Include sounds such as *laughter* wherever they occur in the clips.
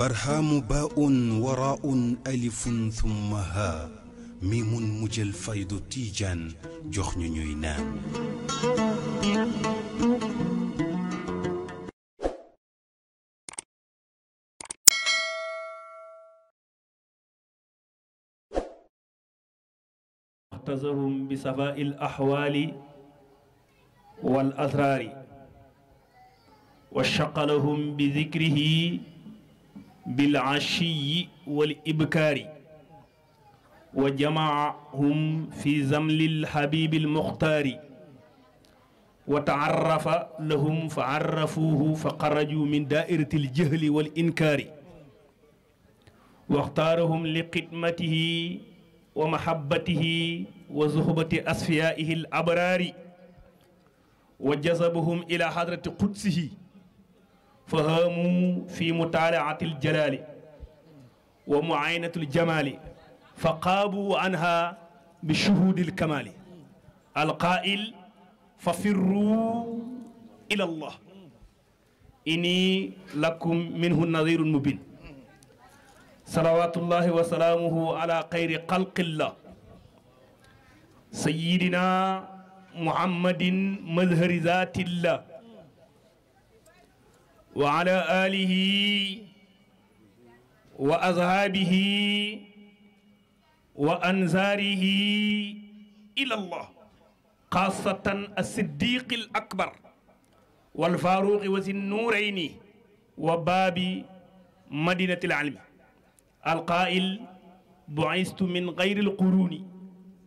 برهام باء وراء ألف ثم ها ميم مجل فيض تيجان جخن نينان اعتذرهم بسباء الأحوال والأسرار وشق لهم بذكره بالعشي والإبكار وجمعهم في زمل الحبيب المختار وتعرف لهم فعرفوه فخرجوا من دائرة الجهل والإنكار واختارهم لقدمته ومحبته وزهبة أصفيائه الأبرار وجذبهم إلى حضرة قدسه فهموا في مطالعة الجلال ومعاينة الجمال فقابوا عنها بشهود الكمال القائل ففروا إلى الله إني لكم منه نظير مبين صلوات الله وسلامه على خير خلق الله سيدنا محمد مظهر ذات الله وعلى آله وأصحابه وأنزاره إلى الله خاصة الصديق الأكبر والفاروق وذي النورين وباب مدينة العلم القائل بعثت من غير القرون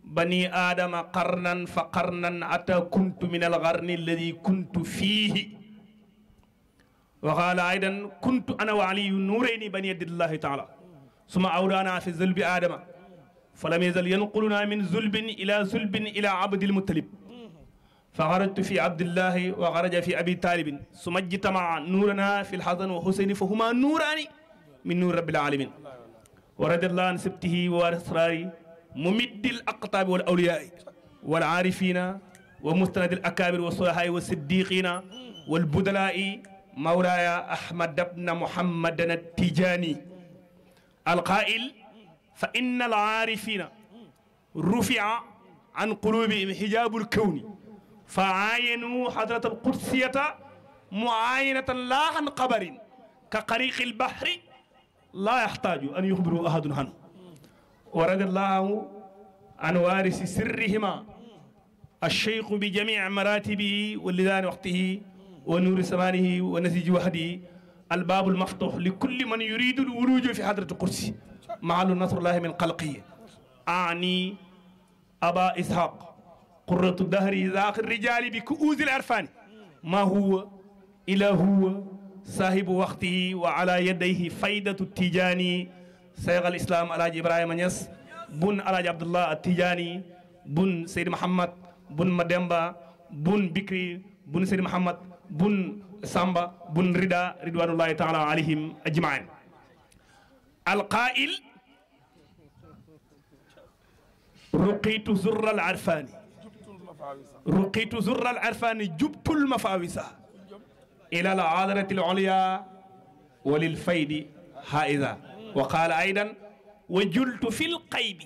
بني آدم قرنا فقرنا أتى كنت من القرن الذي كنت فيه وقال أيضا كنت أنا وعلي نورين بني يد الله تعالى ثم أورانا في ذلب آدم فلم يزل ينقلنا من ذلب إلى ذلب إلى عبد المطلب فخرجت في عبد الله وخرج في أبي طالب ثم اجتمع نورنا في الحسن وحسين فهما نوران من نور رب العالمين ورد الله عن سبته وأسراره ممد الأقطاب والأولياء والعارفين ومستند الأكابر والصلحاء والصديقين والبدلاء مولاي أحمد بن محمد التجاني القائل فإن العارفين رفع عن قلوبهم حجاب الكون فعاينوا حضرة القدسية معاينة لا عن قبر كقريق البحر لا يحتاج أن يخبروا أحد عنه ورد الله عن وارث سرهما الشيخ بجميع مراتبه ولذان وقته ونور سمانه ونسيج وحده الباب المفتوح لكل من يريد الولوج في حضرة القرسي مع نصر الله من قلقي أعني أبا إسحاق قرة الدهر ذاق الرجال بكؤوز العرفان ما هو إلا هو صاحب وقته وعلى يديه فايدة التجاني سيغ الإسلام على إبراهيم نيس بن على عبد الله التجاني بن سيد محمد بن مدمبا بن بكري بن سيد محمد بن سامبا بن ردا رضوان الله تعالى عليهم اجمعين القائل رقيت زر العرفان رقيت زر العرفان جبت المفاوسة إلى العادرة العليا وللفيد هائزا وقال أيضا وجلت في القيب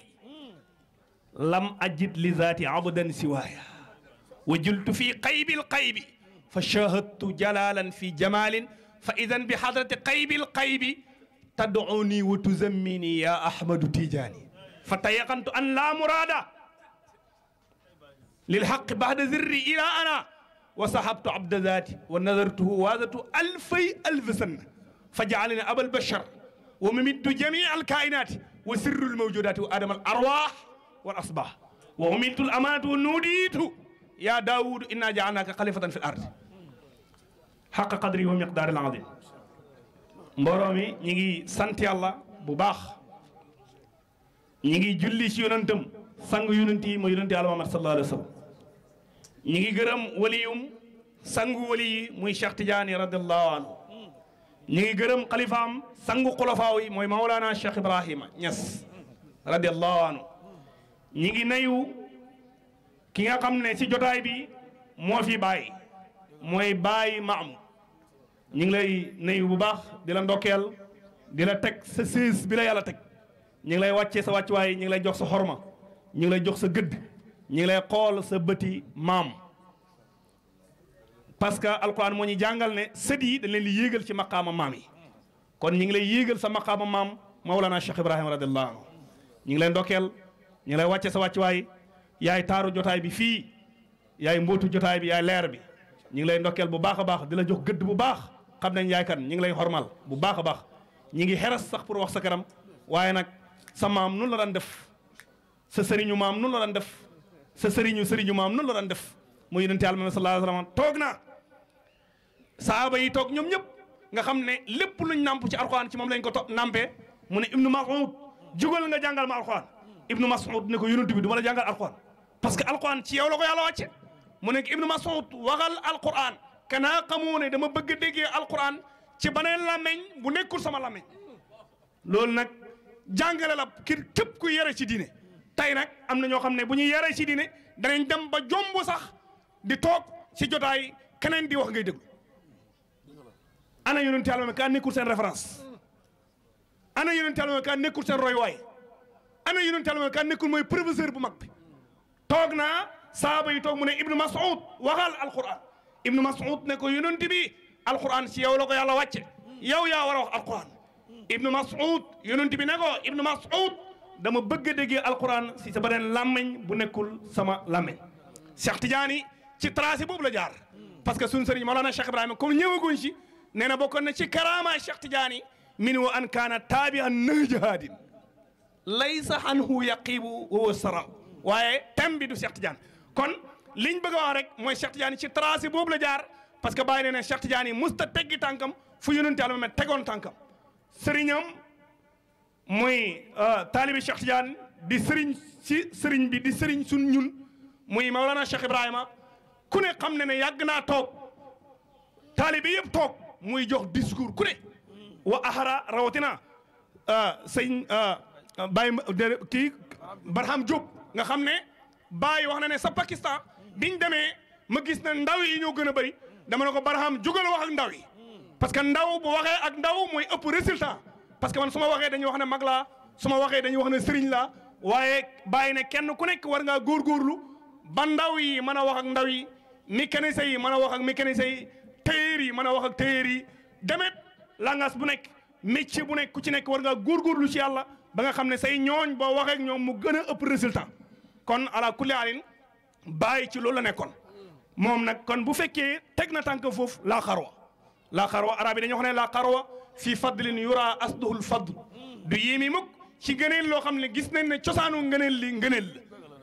لم أجد لذات عبدا سوايا وجلت في قيب القيب فشاهدت جلالا في جمال فإذا بحضرة قيب القيب تدعوني وتزمني يا أحمد تيجاني فتيقنت أن لا مراد للحق بعد ذري إلى أنا وصحبت عبد ذاتي ونذرته وازت ألفي ألف سنة فجعلني أبا البشر وممد جميع الكائنات وسر الموجودات وآدم الأرواح والأصباح وهملت الأمانة ونوديت يا داود إنا جعلناك خليفة في الأرض حق قدري ومقدار العظيم مبرومي نيجي سنتي الله بباخ نيجي جلي شي يونتم سانغ يونتي مو يونتي الله محمد صلى الله عليه وسلم نيجي غرم وليوم سانغ ولي موي شيخ تجاني رضي الله عنه نيجي غرم خليفام سانغ خلفاوي موي مولانا شيخ ابراهيم نيس رضي الله عنه نيجي نيو ki nga xam ne si jotaay bi moo fi bàyyi mooy bàyyi maam ñu ngi lay nuyu bu baax di la ndokkeel di la teg sa siis bi la yàlla teg ñu ngi lay wàccee sa wàccuwaay ñu ngi lay jox sa xorma ñu ngi lay jox sa gëdd ñu ngi lay xool sa bëti maam parce que alquran moo ñu jàngal ne sët yi dañ leen di yéegal ci maqaama maam yi kon ñu ngi lay yéegal sa maqaama maam Mawlana Cheikh Ibrahima radiallahu anhu ñu ngi lay ndokkeel ñu lay wàccee sa wàccuwaay yaay taaru jotaay bi fii yaay mbootu jotaay bi yaay leer bi ñu ngi lay ndokkeel bu baax a baax di la jox gëdd bu baax xam nañ yaay kan ñu ngi lay xormal bu baax a baax ñu ngi xeras sax pour wax sa kanam waaye nag sa maam nun la daan def sa sëriñu maam nun la daan def sa sëriñu sëriñu maam nun la daan def mu yonente Yàlla Muhammad sa alayhi wa sallam toog naa saaba yi toog ñoom ñëpp nga xam ne lépp luñ nàmp ci alxuraan ci moom lañ ko topp nàmpee mu ne ibnu Mas'ud jugal nga jàngal ma alxuraan ibnu Mas'ud ne ko yonent bi du ma la jàngal alxuraan parce que alquran ci yow la ko yàlla mu nekk Ibnu Mas'ud waxal alquran kanaa xamoo ne dama bëgg a déggee ci beneen làmmeñ bu nekkul sama làmmeñ loolu nag jàngale la kii képp ku yare ci diine tey nag am na ñoo xam ne bu ñuy yaree ci diine danañ dem ba jomb sax di toog ci jotaay keneen di wax ngay déglu ana yonent yàlla ma kaa nekkul seen référence ana yonent yàlla ma kaa nekkul seen royuwaay ana yonent mooy professeur bu mag bi toog naa saaba yi toog mu ne ibnu mas'ud waxal alquran ibnu mas'ud ne ko yonent bi alquran si yow la ko yàlla wàcce yow yaa war a wax alquran ibnu mas'ud yonent bi ne ko ibnu mas'ud dama bëgg a déggee alquran si sa beneen làmmiñ bu nekkul sama làmmiñ Cheikh Tidiane ci tracé boobu la jaar parce que suñ sëriñ Mawlana Cheikh Ibrahima comme ñëwaguñ si nee na bokkoon na ci karaama Cheikh Tidiane min wa an kaana taabi'an nahja haadin laysa anhu yaqibu wa saraw waaye thème bi du Cheikh Tidiane kon liñ bëgg a wax rek mooy Cheikh Tidiane ci tracé boobu la jaar parce que bàyyi na ne Cheikh Tidiane yi musta teggi tànkam fu yonente Yàlla Muhammad tegoon tànkam seriñam muy euh, taalibi Cheikh Tidiane di sëriñ ci sëriñ bi di sëriñ sun ñun muy Maulana Cheikh Ibrahima ku ne xam ne ne yàgg naa toog taalibi yëpp toog muy jox discours ku ne wa ahara rawatina euh, sëñ euh, Baye kii Barham nga xam ne Baye wax na ne sa Pakistan biñ demee ma gis na ndaw yi ñoo gën a bëri dama ne ko Barham jugal wax ak ndaw yi parce que ndaw bu waxee ak ndaw mooy ëpp résultat parce que man su ma waxee dañuy wax ne mag laa su ma waxee dañuy wax ne sëriñ laa waaye Baye ne kenn ku nekk war góor góorlu ba ndaw yi mën a wax ak ndaw yi mécanicien yi mën a wax ak mécanicien yi tailleur yi mën a wax ak tailleur yi demet langage bu nekk métier bu nekk ku ci nekk war ngaa góorgóorlu ci yàlla ba nga xam ne say ñooñ boo waxee ñoom mu gën ëpp résultat kon ala kulli halin bàyyi ci loolu la nekkoon moom nag kon bu fekke tek na tànk fof la kharwa la kharwa arabiy dañu xone la kharwa fi fadlin yura fadl du yimi muk ci geneel lo xamne gis nañ ne ciosanu ngëneel li ngëneel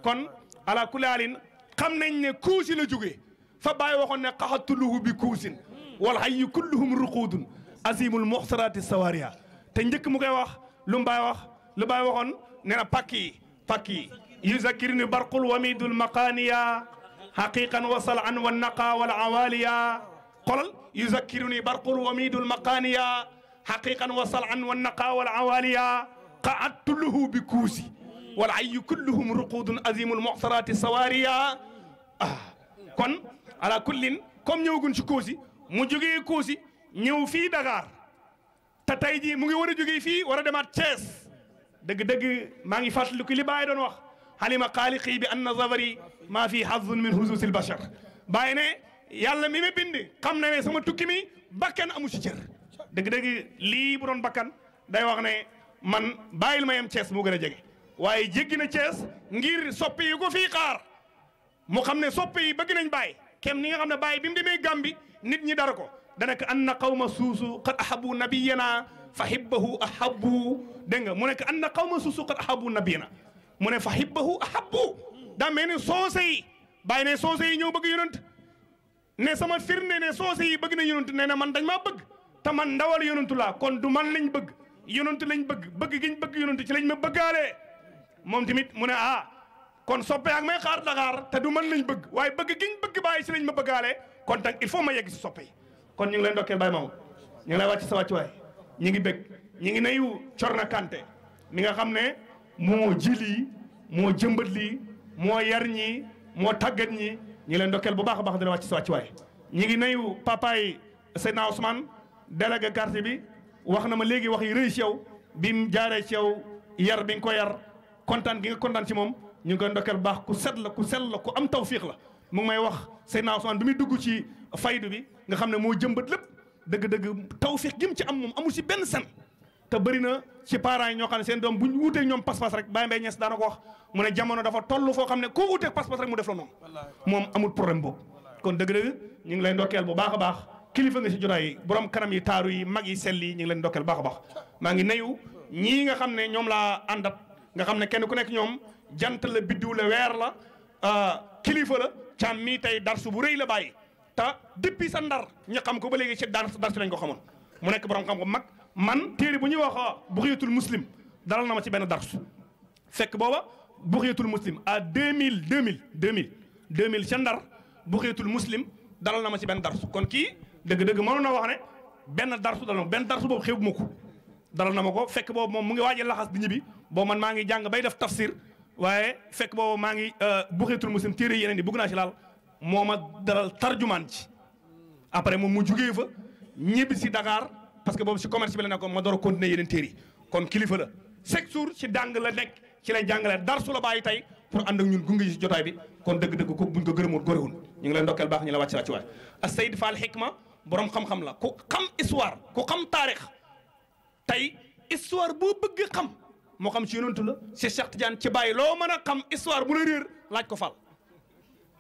kon ala kulli halin xam nañ ne kusi la jógee fa bàyyi waxoon ne qahatuluhu bi kusin wal hayy kulluhum ruquudun azimul muxsaraati sawaria te njëkk mu koy wax lu mbay wax lu bay waxoon nee na pakki يذكرني برق الوميد المقانية حقيقا وصل عن والنقى والعواليا قل يذكرني برق الوميد المقانية حقيقا وصل عن والنقى والعواليا قعدت له بكوسي والعي كلهم رقود أزيم المعصرات السوارية آه. كن على كل كم نيوغن شكوسي مجوغي كوسي نيو في دغار تتايجي tey في mu ngi war a jógee fii war a demaat xalima xaaliqii bi anna zabari maa fi hazzun min huzuus il bashar bàyyi ne yàlla mi ma bind xam na ne sama tukki mi bakkan amu ci cër dëgg-dëgg lii bu doon bakkan day wax ne man bàyyil ma yem Cees moo gën a jege waaye jéggi na Cees ngir soppi yi ko fii xaar mu xam ne soppi yi bëgg nañ bàyyi kem ni nga xam ne bàyyi bi mu demee Gàmbi nit ñi dara ko dana ko anna qawma suusu qad ahabu nabiyana fa hibbahu ahabu dégg nga mu nekk anna qawma suusu qad ahabu nabiyana mu ne fa xibbahu ahabbu daa mel ni soose yi bàyyi ne soose yi ñëw bëgg yonent ne sama firnde ne soose yi bëgg na yonent nee na man dañ maa bëgg te man ndawal yonentu laa kon du man lañ bëgg yonent lañ bëgg bëgg giñ bëgg yonent ci lañ ma bëggaale moom tamit mu ne ah kon soppe ak may xaar Dakar te du man lañ bëgg waaye bëgg giñ bëgg bàyyi si lañ ma bëggaale kon tag il faut ma yegg si soppe yi kon ñu ngi leen ndokkeel Baye Mamadou ñu ngi lay wàcc sa wàccuwaay ñu ngi bëgg ñu ngi nuyu Corna Kanté mi nga xam ne moo ji lii moo jëmbat lii moo yar ñi moo tàggat ñi ñu leen ndokkeel bu baax a baax dina wàcc si wàcc waay ñu ngi nayu papa yi Seydina Ousmane délégué quartier bi wax na ma léegi wax yi rëy ci yow bi mu jaaree ci yow yar bi nga ko yar kontaan gi nga kontaan ci moom ñu ngi koy ndokkeel bu baax ku set la ku sel la ku am tawfiix la mu ngi may wax Seydina Ousmane bi muy dugg ci faydu bi nga xam ne moo jëmbat lépp dëgg-dëgg tawfiix gi mu ci am moom amul ci benn sen te barina na ci parents yi ñoo xam ne seen doom bu ñu wuuteeg ñoom pas-pas rek Baye Mbaye Niass daana wax mu ne jamono dafa toll foo xam ne koo wuuteeg pas-pas rek mu def la noonu moom amul problème boobu kon dëgg-dëgg ñu ngi lay ndokkeel bu baax a baax kilifa nga si jotaay yi borom kanam yi taaru yi mag yi sell yi ñu ngi leen ndokkeel baax a baax maa ngi nga xam ne ñoom laa àndat nga xam ne kenn ku nekk ñoom jant la biddiw la weer la euh, kilifa la càmm mii tey darsu bu réy la bàyyi ta depuis sa ndar ñu xam ko ba léegi ci darsu darsu lañ ko xamoon mu nekk borom xam ko mag man téere bu ñuy wax ah, buxiyatul muslim dalal na ma ci benn darsu fekk booba buxiyatul muslim à 2000 2000 2000 2000 ca ndar buxiyatul muslim dalal na ma ci benn darsu kon kii dëgg-dëgg mënoon na wax ne benn darsu dalal ma benn darsu boobu xew ma ko dalal na ma ko fekk boobu moom mu ngi waaj laxas di ñibbi boo man maa ngi jàng bay def tafsir waaye fekk boobu maa ngi euh, buxiyatul muslim téere yeneen yi bëgg naa ci laal moo ma dalal tarjumaan ci après moom mu jugee fa ñibbi si dakaar parce que boobu si commerce bi la nekkoon ma door a continuer yeneen téere yi kon kilifa la chaque jour la nekk ci lay jàngale dar su la bàyyi tey pour ànd ak ñun gunge jotaay bi kon dëgg-dëgg ko buñ ko gërëmoon góorewul ñu ngi lay ndokkeel baax ñu la wàcc la ci a Sayd Fall Hikma borom xam-xam la ku xam histoire ku xam taarix tey histoire boo bëgg xam moo xam ci yonantu la si Cheikh Tidiane ci bàyyi loo mën a xam histoire bu la réer laaj ko Fall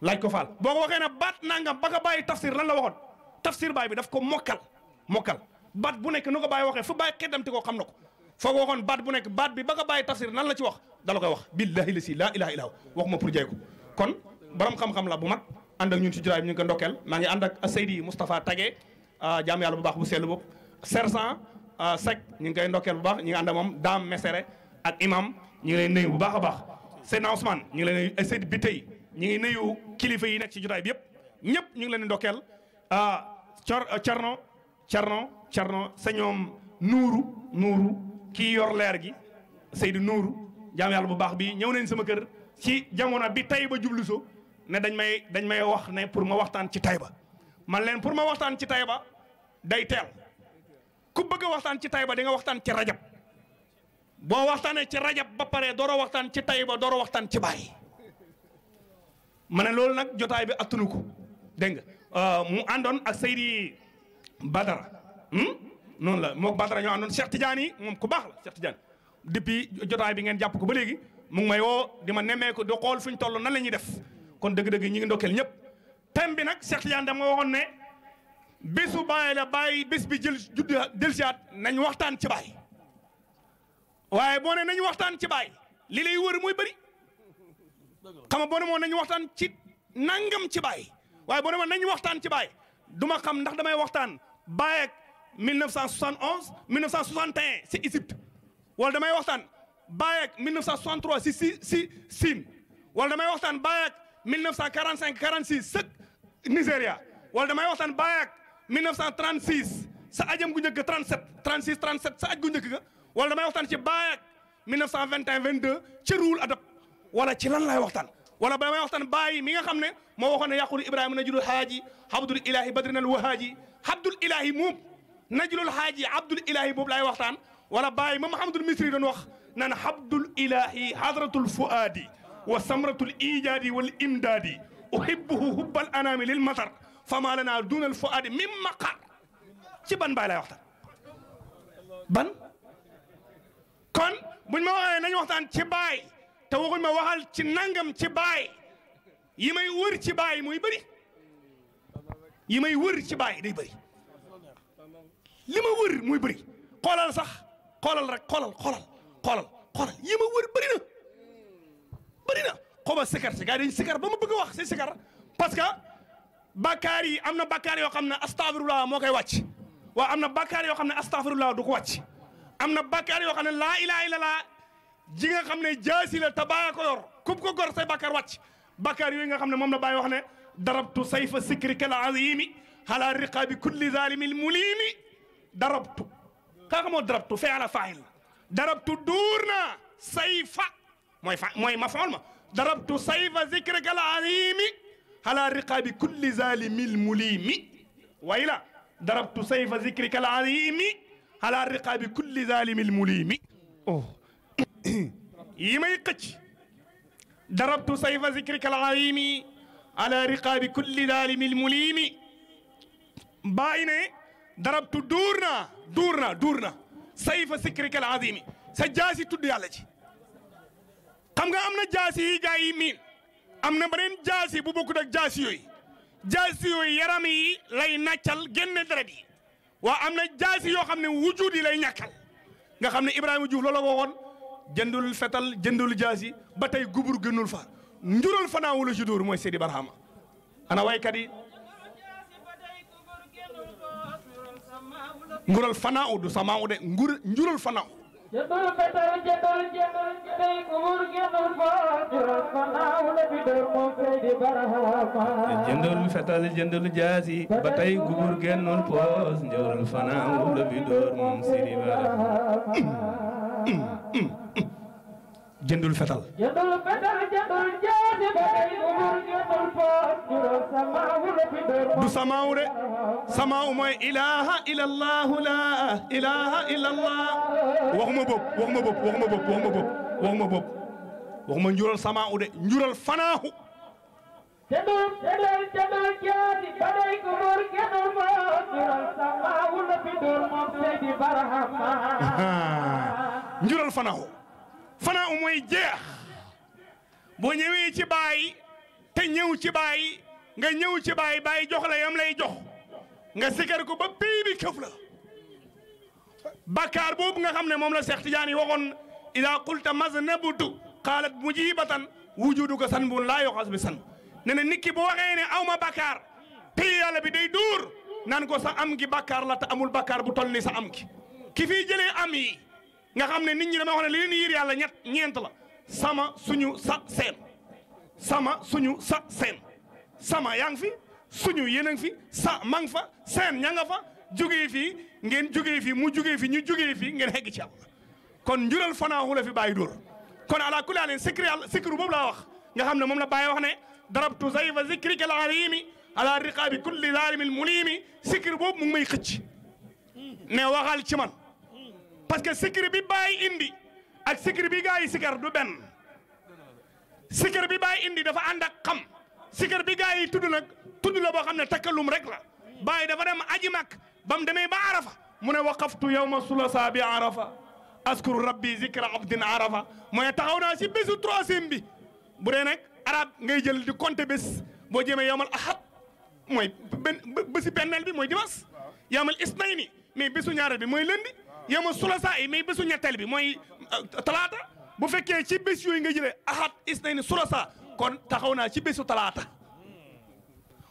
laaj ko Fall boo ko waxee ne baat nangam ba nga bàyyi tafsir lan la waxoon tafsir baay bi daf ko mokkal mokkal baat bu nekk nu ko bàyyi waxee fu bàyyi xeddamti o xam na ko foog waxoon baat bu nekk baat bi ba nga bàyyi tafsir nan la ci wax dala koy wax billahi la si laa ilaha illah wax ma pour jay ko kon borom xam-xam la bu mat ànd ak ñun ci juraay bi ñu ngi ko ndokkeel maa ngi ànd ak Seydi Moustapha Tage ah, jaam yàlla bu baax bu sell boobu sergent ah, sec ñu ngi koy ndokkeel bu baax ñu ngi ànd moom Dame Mesere ak imam ñu ngi leen nuyu baax a baax Seydina Ousmane ñu ngi leen nuyu Seydi Bitey ñu ngi nuyu kilifa yi nekk ci juraay bi yëpp ñëpp ñu ngi leen di ndokkeel Thierno ah, Thierno carno sa ñoom nuuru nuuru kii yor leer gi Seydou nuuru jaam yàlla bu baax bi ñëw nañ sama kër ci jamono bi Taïba ba so ne dañ may dañ may wax ne pour ma waxtaan ci Taïba man leen pour ma waxtaan ci Taïba day teel ku bëgg a waxtaan ci tay ba danga waxtaan ci rajab boo waxtaanee ci rajab ba pare dooro waxtaan ci ba dooro waxtaan ci Baay ma ne loolu nag jotaay bi attunu ko dégg nga euh, mu àndoon ak Seydi Badara Hmm? noonu la mook Badara ñoo àndoon Cheikh Tidiane yi moom ku baax la Cheikh Tidiane depuis jotaay bi jàpp ko ba léegi mu ngi woo di ma nemmeeku di xool fuñ toll nan la ñuy def kon dëgg-dëgg ñi ngi ndokkeel ñëpp thème bi nag Cheikh Tidiane dama waxoon ne bésu bàyyi la bàyyi bés bi jël judd delsiaat nañ waxtaan ci bàyyi waaye boone ne nañ waxtaan ci baay li lay wër mooy bari xam nga boo ne moo nañ waxtaan ci nangam ci baay waaye boo ne moo nañ waxtaan ci baay du ma xam ndax damay waxtaan bàyyeek 1971 1961 si Égypte wala damay waxtaan Baye ak 1963 si si si wala damay waxtaan Baye ak 1945 46 sëg Nigéria wala damay waxtaan Baye ak 1936 sa ajam gu njëkk 37 36 37 sa aj gu njëkk ga wala damay waxtaan ci Baye ak 1921 22 ci ruul adab wala ci lan lay waxtaan. wala ba may waxtaan bàyyi mi nga xam ne moo waxoon ne yàqulu Ibrahima na judul haaji habdul ilahi badrinal wahaaji habdul ilahi moom نجل الحاجي عبد الإلهي بوب لاي وقتان ولا باي محمد المصري دون وخ نان عبد الإلهي حضرة الفؤادي وسمرة الإيجاد والإمداد أحبه حب الأنام للمطر فما لنا دون الفؤاد من مقر تي بان باي لاي وقتان بان كون بن ما واخا نان وقتان تي باي تا ما واخال تي نانغام باي يماي وور تي باي موي بري يماي وور تي باي دي بري li ma wër muy bëri xoolal sax xoolal rek xoolal xoolal xoolal xoolal yi ma wër bëri na bëri na xoba sikar si gars yi dañ sikar ba ma bëgg a wax si sikar parce que bakkaar yi am na bakkaar yoo xam ne astafirullah moo koy wàcc waaw am na bakkaar yoo xam ne astafirullah du ko wàcc am na bakkaar yoo xam ne laa ilaha illallah ji nga xam ne jaasi la te bàyyi ko yor kub ko gor say bakkaar wàcc bakkaar yooyu nga xam ne moom la bàyyi wax ne darabtu sayfa sikrika al azimi ala riqabi kulli zalimin mulimi ضربت kaka mo darabtu fi'la fa'il darabtu durna sayfa moy fa moy maf'ul ma darabtu sayfa dhikrika al-azim ala riqabi kulli zalimil mulimi wayla darabtu sayfa dhikrika al-azim ala riqabi kulli zalimil mulimi oh yimay xecc darabtu sayfa dhikrika al-azim ala riqabi kulli zalimil mulimi bayne darabtu duur naa duur naa duur naa sayfa sikrikal azimi sa jaasi tudd yàlla ci xam nga am na jaasi yi gaa yi miin am na beneen jaasi bu bokkut ak jaasi yooyu jaasi yooyu yaram yi lay nàccal génne deret yi waa am na jaasi yoo xam ne wujud lay ñàkkal nga xam ne Ibrahima Diouf loola ko waxoon jëndul fetal jëndul jaasi ba tey gubur gënul fa njural fanaawula ci dóor mooy Seydi Barhama ana waykat yi ngural fanaa u du sama u de ngur njurul fanaa u jëddul betal jëddul jëddul tey ku wur génnul jaasi ba tey ku poos njëwrul fanaaw la bi doon moom jëndul fetal jëndul fetal jëndul jaasi ba day umur jëndul poot juróom samaawu la fi dóor du samaawu de samaawu mooy ilaha illallahu la ilaha illallah waxuma bopp waxuma bopp waxuma bopp waxuma bopp waxuma bopp waxuma njural samaawu de njural fanaahu jëndul jëndul jëndul jaasi ba day umur jëndul poot juróom samaawu la fi dóor moom Seydi Barhama njural fanaahu fanaa u mooy jeex boo ñëwee ci baay te ñëw ci baay nga ñëw ci baay baay jox la yam lay jox nga sikar ko ba pii këf la bakkaar boobu nga xam ne moom la Seex Tijaan yi waxoon ida qulta maznabtu qaalat mujibatan wujuduka sanbun laa yoxas bi san ne ne nit ki bu waxee ne aw ma bakkaar pii yàlla bi day dóor naan ko sa am ki bakkaar la te amul bakkaar bu toll ni sa am ki ki fii jëlee am yi nga xam ne nit ñi dama wax ne li leen yir yàlla ñeent la sama suñu sa seen sama suñu sa seen sama yaa ngi fi suñu yéen a ngi fi sa mang fa seen ña nga fa jugee fii ngeen jugee fii mu jugee fi ñu jugee fii ngeen xegg ci yàlla kon njural fanaahu la fi bàyyi dóor kon ala kulli alin sikri yàlla sikru boobu laa wax nga xam ne moom la bàyyi wax ne darabtu zayfa zikrika alaliimi ala riqaabi kulli zalimin mulimi sikri boobu mu ngi may xëcc ne waxal ci man parce que sikir bi bàyyi indi ak sikir bi gaa yi sikar du benn sikir bi bàyyi indi dafa ànd ak xam sikir bi gaa yi tudd nag tudd la boo xam ne takkalum rek la bàyyi dafa dem aji mag ba mu demee ba arafa mu ne waqaftu yawma sulasa bi arafa askuru rabbi zikra abdin arafa mooy taxaw naa si bésu troisième bi bu dee nag arab ngay jël di compter bés boo jëmee yawmal ahad mooy benn bési bi mooy dimanche yawmal isnayni mais bésu ñaareel bi mooy lundi يوم السلسة إمي بسون تلبي موي تلاتة بفكر شيء بس يو إنجيلة أحد إثنين السلسة كون تخونا شيء بس تلاتة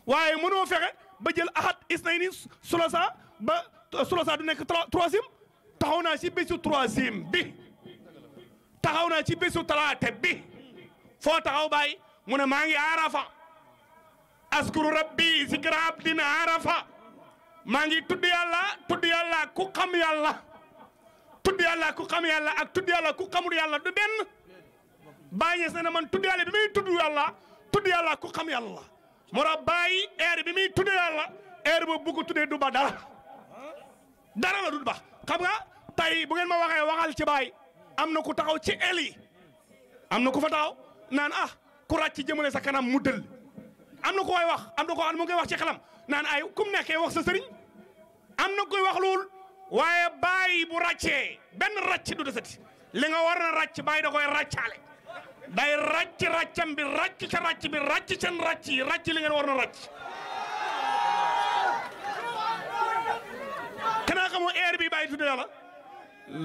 واي منو فكر بجيل أحد إثنين السلسة ب السلسة دونك تراسيم تخونا شيء بس تراسيم بي تخونا شيء بس تلاتة بي فو تخو باي من مانع عرفة أذكر ربي ذكر عبدنا عرفة مانع تودي الله تودي الله كوكام يالله tudd yàlla ku xam yàlla ak tudd yàlla ku xamul yàlla du benn bàyyi na man tudd yàlla bi muy tudd yàlla tudd yàlla ku xam yàlla moo tax bàyyi heure bi muy tudd yàlla heure boobu bu ko tuddee du ba dara dara la du ba xam nga tey bu ngeen ma waxee waxal ci bàyyi am na ku taxaw ci el yi am na ku fa taxaw naan ah ku ràcc jëmale sa kanam mu dëll am na koy wax am na koo xam ne mu wax ci xelam naan ay kum nekkee wax sa sëriñ am na koy wax lool. waaye bàyyi bu ràccee benn ràcc du desati li nga war na ràcc bàyyi da koy ràccaale day ràcc ràccam bi ràcc ca ràcc bi ràcc seen ràcc yi ràcc li ngeen war na ràcc. kanaa xamoo air bi bàyyi tudde yàlla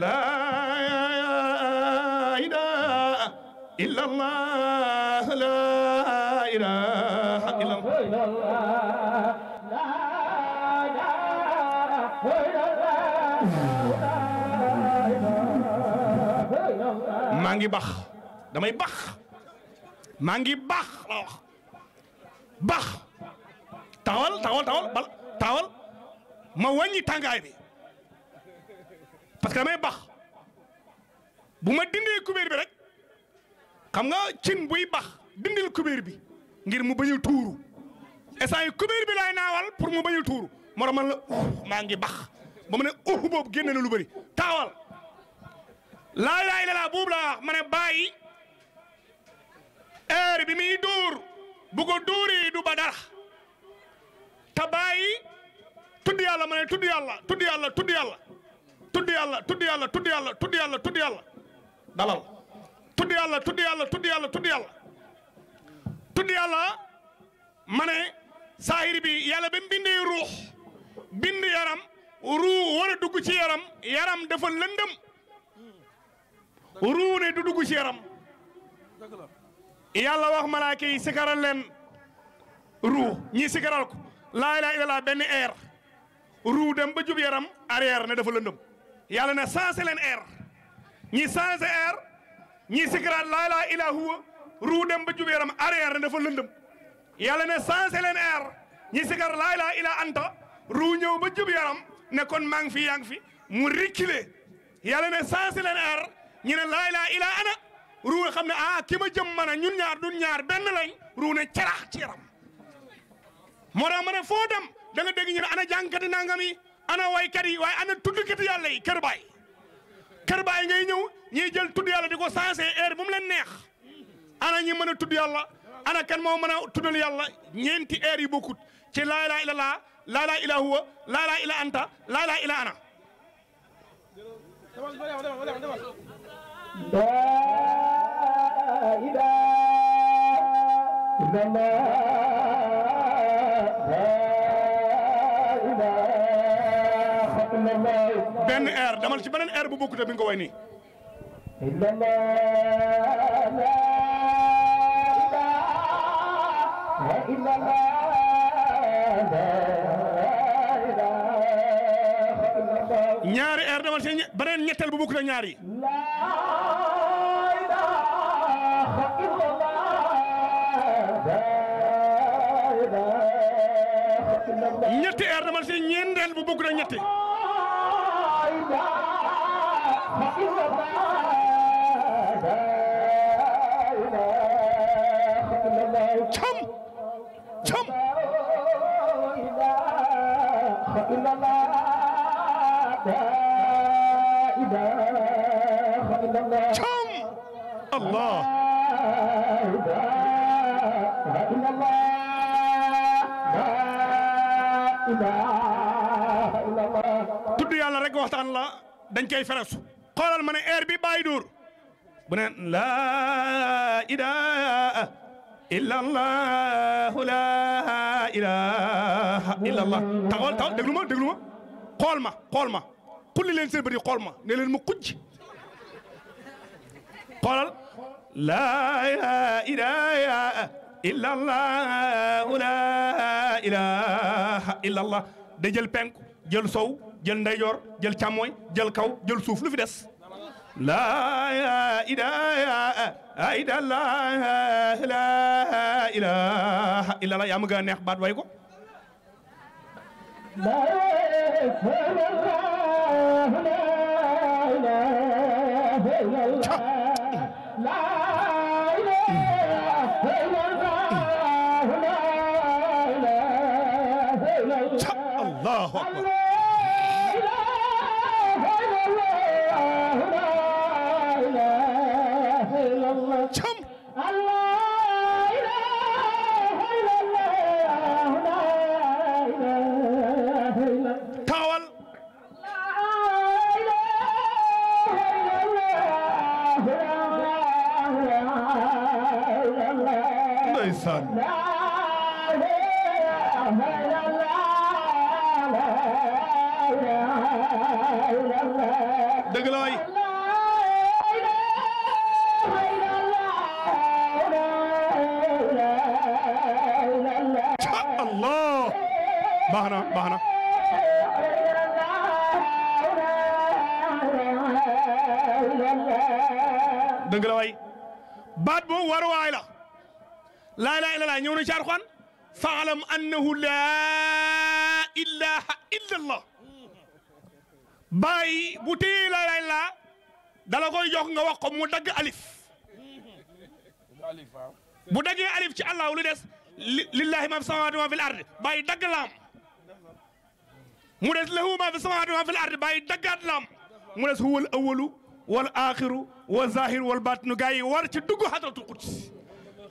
laa ilaaha illallah laa ilaaha illallah maa ngi bax damay bax maa ngi baax la wax bax taxawal taxawal taxawal bal ma waññi tàngaay bi parce que may bax bu ma dindee kubéer bi rek xam nga cin buy bax dindil kubéer bi ngir mu bañul tuuru instant yi kubéer bi laay naawal pour mu bañul tuuru ma tax man la uh maa ngi bax ba ma ne uh boobu génne na lu bëri laa ilaha illallah boobu laa wax ma ne bàyyi heure bi muy duur bu ko duuri du ba dara te bàyyi tudd yàlla ma ne tudd yàlla tudd yàlla tudd yàlla tudd yàlla tudd yàlla tudd yàlla tudd yàlla ma ne saahir bi yàlla ba mu ruux bind yaram ruu war a ci yaram yaram dafa lëndëm ruune du dugg ci yaram yàlla wax malaaka yi sikaral leen ruu ñi sikaral ko laa ilaaha benn air ruu dem ba jub yaram arrière ne dafa lëndëm yàlla ne sensé leen air ñi sensé air ñi sikaral laa ilaaha illaa huwa dem ba jub yaram arrière ne dafa lëndëm yàlla ne sensé leen air ñi sikar laa ilaaha illaa anta ruu ñëw ba jub yaram ne kon maa fi yaa ngi fi mu reculer yàlla ne sensé leen air ñu ne laa ilaa ilaa ana ruu nga xam ne ah ki ma jëm man a ñun ñaar dun ñaar benn lañ ruu ne caraax ci yaram moo tax ma ne foo dem da nga dégg ñu ne ana jàngkati nangam yi ana waykat yi waaye ana tuddkati yàlla yi kër baay kër baay ngay ñëw ñiy jël tudd yàlla di ko sensé heure bu mu leen neex ana ñi mën a tudd yàlla ana kan moo mën a tuddal yàlla ñeenti heure yi bokkut ci laa ilaa ila laa laa laa huwa laa laa ila anta laa laa ila ana benn air damal ci beneen air bu bokkute bi nga ko way nii. illallah ñaari air demal seen beneen ñetteel bu bokk na ñaar yi. ñetti air demal seen ñeenteel bu bokk na ñetti. cam. Çam! Allah! tudd yàlla rek waxtaan la dañ koy feresu xoolal ma ne air bi bàyyi duur bu ne laa ilaaha illallah laa ilaaha illallah taxawal taxawal déglu ma déglu ma xool ma xool ma xulli leen seen bëri xool ma ne leen mu kujj xoolal laa ilaaha illallah laa ilaaha illallah da jël penku jël sow jël ndeyjoor jël càmmooñ jël kaw jël suuf lu fi des laa ilaaha illallah laa ilaaha illallah yaa ma gën a neex baat way ko laa ilaaha illallah baax na baax na dëgg la waay baat boobu waruwaay la laa ci Alxuraan fa'lam annahu laa ilaaha illallaah bàyyi bu téye laa ilaaha dala koy jox nga wax ko mu dagg alif bu daggee alif ci allah lu des lillaahi ma fi samaawaati ma fi l ard dagg laam منس له ما في السماوات وما في الأرض باي دغات لام منس هو الأول والآخر والظاهر والباطن جاي ورش دقو حضرة القدس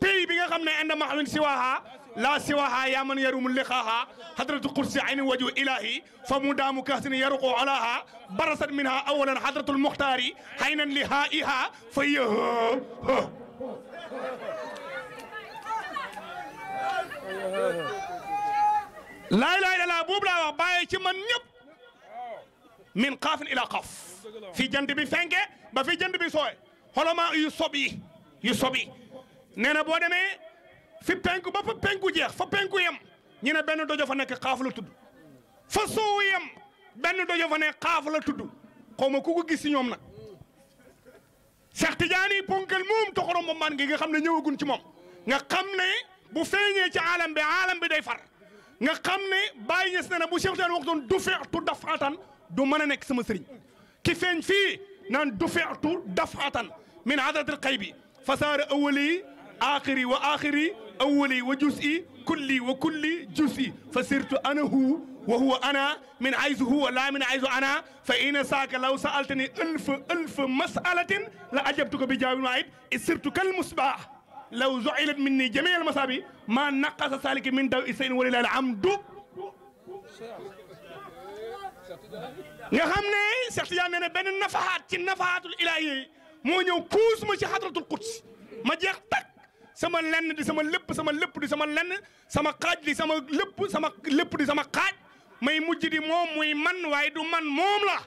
تي بيغا خامني اند ما محمد سواها لا سواها يا من يروم لخاها حضرة القدس عين وجه إلهي فمدام كهتن يرق علىها برست منها أولا حضرة المختار حينا لهائها فيه laa ilaaha illallaah boobu laa wax ci man ñëpp min xaafin ila xaaf fi jant bi fenke ba fi jant bi sooye xoloma yu sob yi yu sob yi nee na boo demee fi penku ba fa penku jeex fa penku yem ñu ne benn dojo fa nekk xaaf la tudd fa soowu yem benn dojo fa nekk xaaf la tudd xaw ku ko gis si ñoom nag Cheikh Tidiane ponkal moom toxorom ba man gi nga xam ne ñëwaguñ ci moom nga xam ne bu feeñee ci alam bi alam bi day far nga xamne Baye Niass na bu Cheikh Tidiane waxtoon du feextu daf atan du meuna nek sama serign ki feñ fi nan du feextu daf atan min adatil xay bi fasaara awli akhiri wa akhiri awli wa juz'i kulli wa kulli jus i fa sirtu ana hu wa la min aizu ana fa in saaka law sa'altani ساك لو mas'alatin la ajabtuka bi لأجبتك بجواب واحد kal musbah لو زعلت مني جميع المصابي ما نقص سالك من دو إسين ولي الله العمد نخمني سيخ تجان من بين النفحات تي النفحات الإلهي مو نيو كوس مشي حضرة القدس ما جيخ سما لن دي سما لب سما لب دي سما لن سما قاج دي سما لب سما لب دي سما قاج ما يمجي دي موم ويمن وايدو من موم لا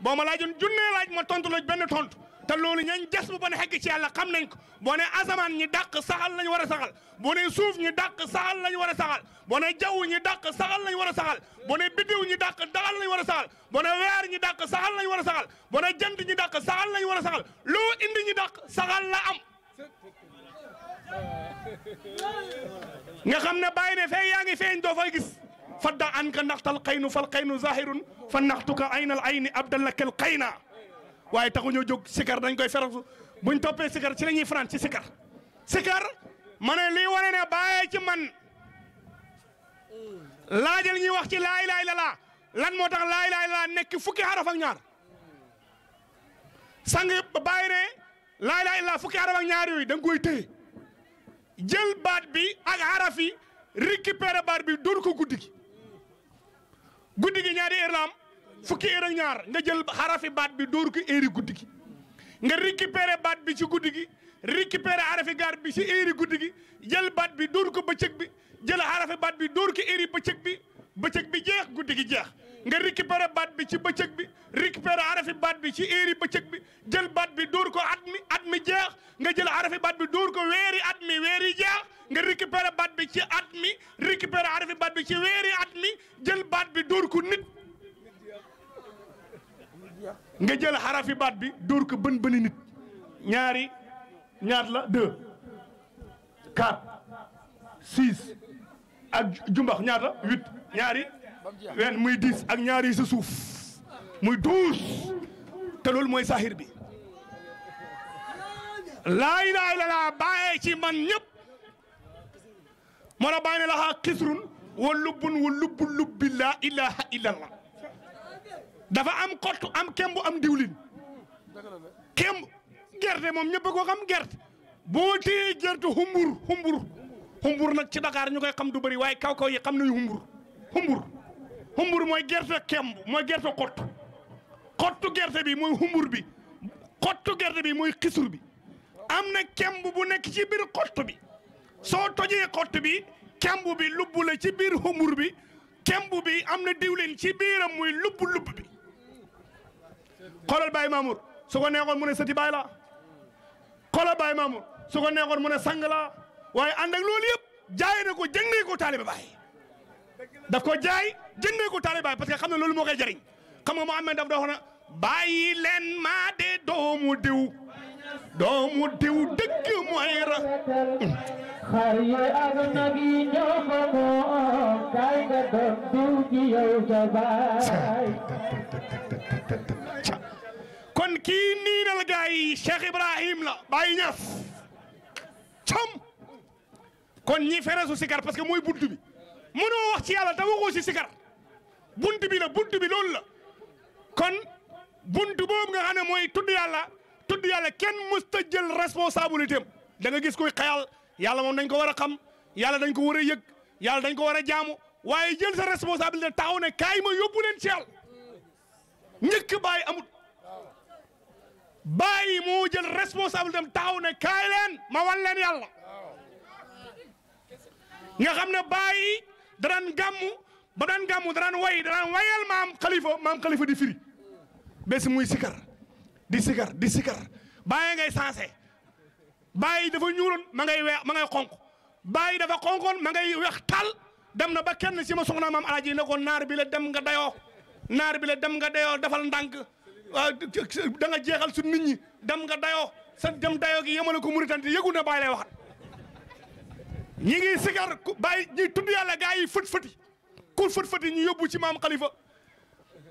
بوما لاجون جنة لاج ما تنتو لاج بين تنتو تلولي نين جسم بني حق شي الله خم نانكو بوني ازمان ني داق ساخال لاني ورا ساخال بوني سوف ني داق ساخال لاني ورا ساخال بوني جاو ني داق ساخال لاني ورا ساخال بوني بيديو ني داق داخال لاني ورا ساخال بوني وير ني داق ساخال لاني ورا ساخال بوني جند ني داق ساخال لاني ورا ساخال لو اندي ني داق ساخال لا ام nga xamne bayne fe yaangi feñ do fay gis fadda an ka naqtal qayn fal qayn zahirun fa naqtuka waaye taxu ñoo jóg sikar dañ koy bu ñu toppee sikar ci la ñuy fanaan ci sikar sikar ma ne lii wane ne bàyyee ci man laajal ñuy wax ci laa laay illallaah lan moo tax laay ilaaha illallaah nekk fukki xaraf ñaar sang bàyyi ne laa ilaaha illallaah fukki xaraf ak ñaar yooyu da koy téye jël baat bi ak xaraf yi récupéré baat bi dóor ko guddi gi guddi gi ñaari heure fukki éer ak ñaar nga jël xarafi baat bi dóor ko éeri guddi gi nga récupéré baat bi ci guddi gi récupéré xarafi gaar bi ci éeri guddi gi jël baat bi dóor ko bëccëg bi jël xarafi baat bi dóor ko éeri bëccëg bi bëccëg bi jeex guddi gi jeex nga récupéré baat bi ci bëccëg bi récupéré arafi baat bi ci éeri bëccëg bi jël baat bi dóor ko at mi at mi jeex nga jël arafi baat bi dóor ko weeri at mi weeri jeex nga récupéré baat bi ci at mi récupéré arafi baat bi ci weeri at mi jël baat bi dóor ko nit nga jël harafi bat bi dur ko bën bën nit ñaari ñaar la 2 4 6 ak jumbax ñaar la huit ñaari wen muy 10 ak ñaari ci suuf muy 12 té loolu moy sahir bi laa ilaaha illallaah baye ci man ñep mo la bayne la ha xisrun wa lubbun wa ilaha dafa am xottu am kemb am diwlin kemb gerte moom ñëpp ko xam gerte boo téyee gerte xumbur xumbur xumbur nag ci Dakar ñu koy xam du bari waaye kaw kaw yi xam nañu xumbur xumbur xumbur mooy gerte kemb mooy gerte xottu xottu gerte bi mooy xumbur bi xottu gerte bi mooy xisur bi am na kemb bu nekk ci biir xott bi soo tojee xott bi kemb bi lubb la ci biir xumbur bi kemb bi am na diwlin ci biiram muy lubb lubb bi xoolal Baye Mamour su ko neexoon mu ne la xoolal Baye Mamour su ko neexoon mu ne sang la waaye ànd loolu yëpp jaay na ko jëndee ko taalibe Baye daf ko jaay jëndee ko taalibe Baye parce que xam ne loolu moo koy jariñ xam nga Mouhamed daf doon wax na bàyyi leen maa de doomu diw doomu diw dëgg mooy ra *laughs* *laughs* xar *laughs* kon kii niinal gaa yi Cheikh Ibrahim la Baye Niass com kon ñi feresu sikar parce que mooy bunt bi mënoo wax ci yàlla si sikar bunt bi la bunt bi loolu la kon bunt boobu nga xam mooy tudd yàlla tudd yàlla kenn mësta jël responsabilité am da nga gis koy xayal yàlla moom dañ ko war a xam yàlla dañ ko war a yëg yàlla dañ ko war a jaamu waaye jël sa responsabilité taxaw ne kaay ma yóbbu leen ci yàlla njëkk amut bàyyi moo jël responsable dem taxaw ne kaay leen ma wan leen nga xam ne bàyyi danaan gàmmu ba daan gàmmu danaan way danaan wayal maam xalifa maam xalifa di firi bés muy sikar di sikar di sikar bàyyi ngay sensé bàyyi dafa ñuuloon ma ngay weex ma ngay xonq bàyyi dafa xonkoon ma ngay weex tal dem na ba kenn si ma soxna maam alaaji ne ko naar bi la dem nga dayoo naar bi la dem nga dayoo dafal ndànk waaw da nga jeexal su nit ñi dem nga dayoo sa dem dayoo gi yemale ko Mauritanie yëgu na bàyyi lay waxat ñi ngi sikar bàyyi ñi tudd yàlla gaa yi fët fëti ku fët fëti ñu yóbbu ci maam kalifa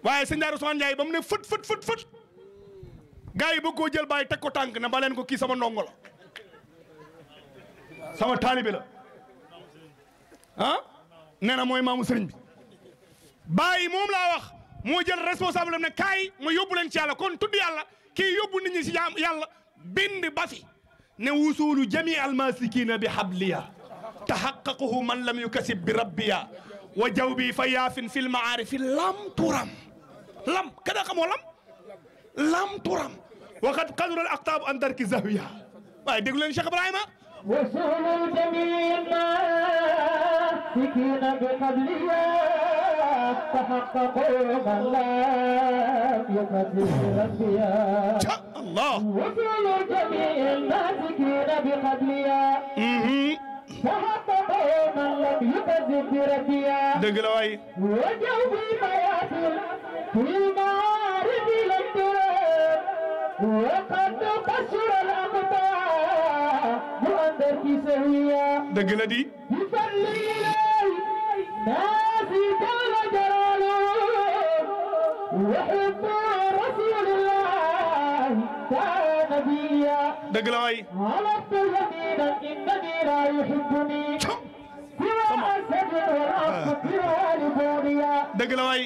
waaye sëñ Daaru Ousmane Ndiaye ba mu ne fët fët fët fët gaa yi bëgg koo jël bàyyi teg ko tànk na baleen ko kii sama ndongo la sama taalibe la ah nee na mooy maamu sëriñ bi bàyyi moom laa wax moo jël responsable am ne kaay ma yóbbu leen ci yàlla kon tudd yàlla kii yóbbu nit ñi si yàlla bind ba fi ne wusuulu jami almasikina bi habliya taxaqaquhu man lam yukasib bi rabbiya wa jawbi fa yaafin fil maarifi lam turam lam kada xamoo lam lam turam wa qad qadura al aqtaab an darki zawiya waaye déglu leen Cheikh Ibrahima وصول الجميع ما سكن بقبلها تحققوا من لم يقدس الانبياء الله وصول الجميع ما سكن بقبلها تحققوا من لم يقدس الانبياء دقلوي وجوا في مياسر في المعارف لم وقد قصر dëgg la di dëgg la waay ah. dëgg la waay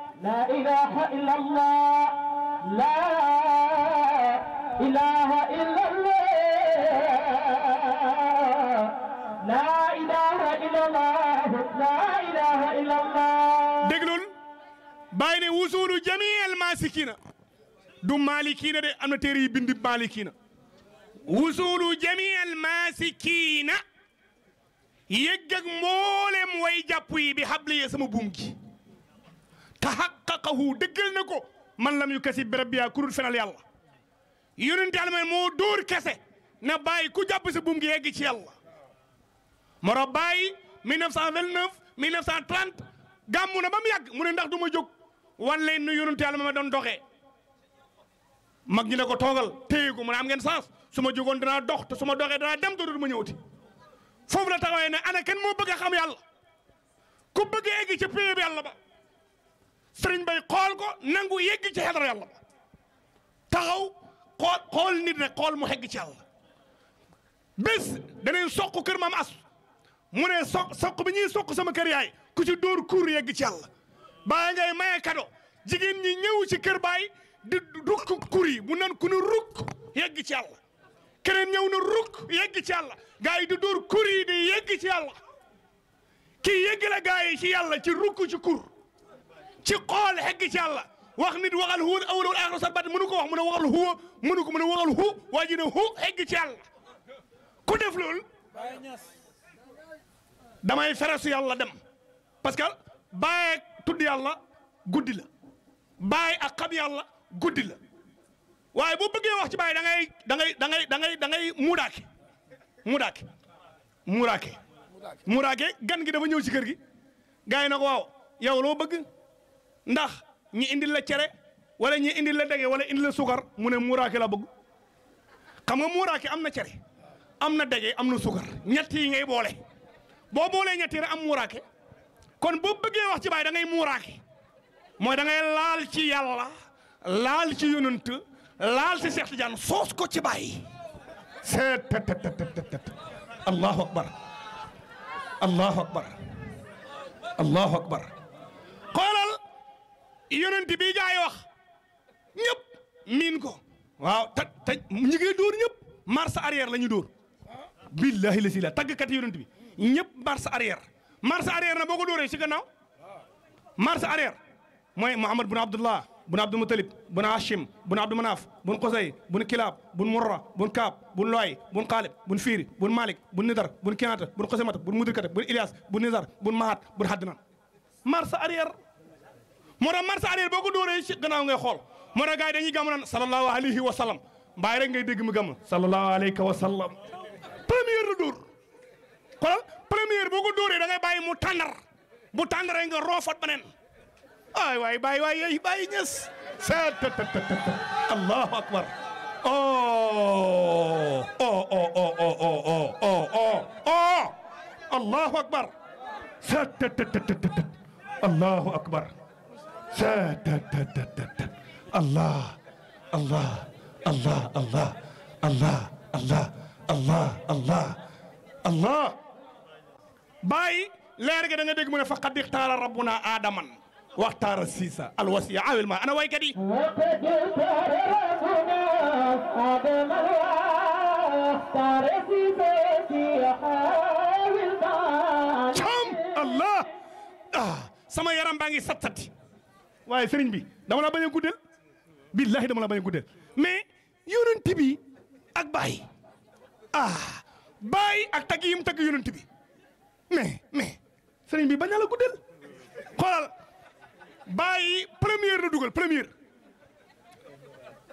لا إله إلا الله لا إله إلا الله لا إله إلا wusuulu jamiil maasikiina du maalikiina de am na téere yi bind maalikiina wusuulu jamiil maasikiina yëgg ak way jàpp yi bi xable ya sama buum taxaqaqahu dëggal na ko man lam yu kasi bi yaa kurul fenal yàlla yonente yàlla moo dóor kese na bàyyi ku jàpp si buum gi yegg ci yàlla moro bàyyi 1929 1930 gàmmu na ba mu yàgg mu ne ndax du ma jóg wan leen nu yonente yàlla ma ma doon doxee mag ñi ne ko toogal téye ko mu ne am ngeen sens su ma jógoon danaa dox te su ma doxee danaa dem te du ma ñëw ti foofu ne taxawee ne ana kenn moo bëgg xam yàlla ku bëgg a yàlla ba sëriñ bay xool ko nangu yegg ci xedara yàlla taxaw xool xool nit rek xool mu xegg ci yàlla bés danay soq kër maam as mu ne soq soq bi ñuy soq sama kër yaay ku ci door kuur yegg ci yàlla baa ngay maye kado jigéen ñi ñëw ci kër baay di dukk kur yi mu nan ku ne rukk yegg ci yàlla keneen ñëw na rukk yegg ci yàlla gaa yi door dóor yi di yegg ci yàlla kii yegg la gaa yi ci yàlla ci rukk ci kur ci xool xegg ci yàlla wax nit waxal huwa awwal wal aaxir sat bat mënu ko wax mu ne waxal huwa mënu ko mu ne waxal hu waa ji ne hu xegg ci yàlla ku def loolu damay feresu yàlla dem parce que bàyyi tudd guddi la bàyyi ak xam yàlla guddi la waaye boo bëggee wax ci bàyyi da ngay da ngay da da ngay da ngay muudaake muudaake muuraake muuraake gan gi dafa ñëw ci kër gi gars yi na ko waaw yow loo bëgg ndax ñi indil la cere wala ñi indil la dege wala indil la sukar mu ne muuraake la bëgg xam nga muuraake am na cere am na dege am na sukar ñett yi ngay boole boo boolee ñett yi rek am muuraake kon boo bëggee wax ci baay dangay ngay muuraake mooy da ngay laal ci yàlla laal ci yonent laal ci Seex Tijaan soos ko ci baay seet allahu akbar allahu akbar allahu akbar xoolal yonent bi gaay wax ñëpp miin ko waaw ta te ñu ngi dóor ñëpp marche arrière la ñu dóor billahi la si la taggkat yonent bi ñëpp marche arrière marche arrière na boo ko dóoree si gannaaw marche arrière mooy Muhammad bun Abdullah bun Abdul Mutalib bun Hashim bun Abdu Manaaf bun Qusay bun Kilaab bun Murra bun Kaab bun Luay bun Xaalib bun Fiiri bun Malik bun Nidar bun Kinaata bun Xusemata bun Mudirkata bun Ilias bun Nizar bun Mahat bun Hadnan marche arrière moo tax marche arrière boo ko dóoree ci gannaaw ngay xool moo tax gars yi dañuy sallallahu alayhi wa sallam bàyyi ngay dégg mu gàmm sallallahu alayhi wa sallam première la dóor xoolal première boo ko dóoree da ngay bàyyi mu tàndar bu tàndaree nga roofat beneen ay waay bàyyi waay yooyu bàyyi ñes seet allahu akbar oh allahu akbar الله الله الله الله الله الله الله الله الله باي لارغي داغا ديغ مون فقد اختار ربنا ادما واختار سيسا الوصي عاول ما انا واي كدي ربنا ادما واختار سيسا عاول ما الله آه. سما يرام باغي ستاتي waaye sëriñ bi dama la bañ a guddal billahi dama la bañ a guddal mais bi ak baay ah ak tagg yi mu tagg yonent bi mais mais sëriñ bi bañ la guddal xoolal baay première la dugal première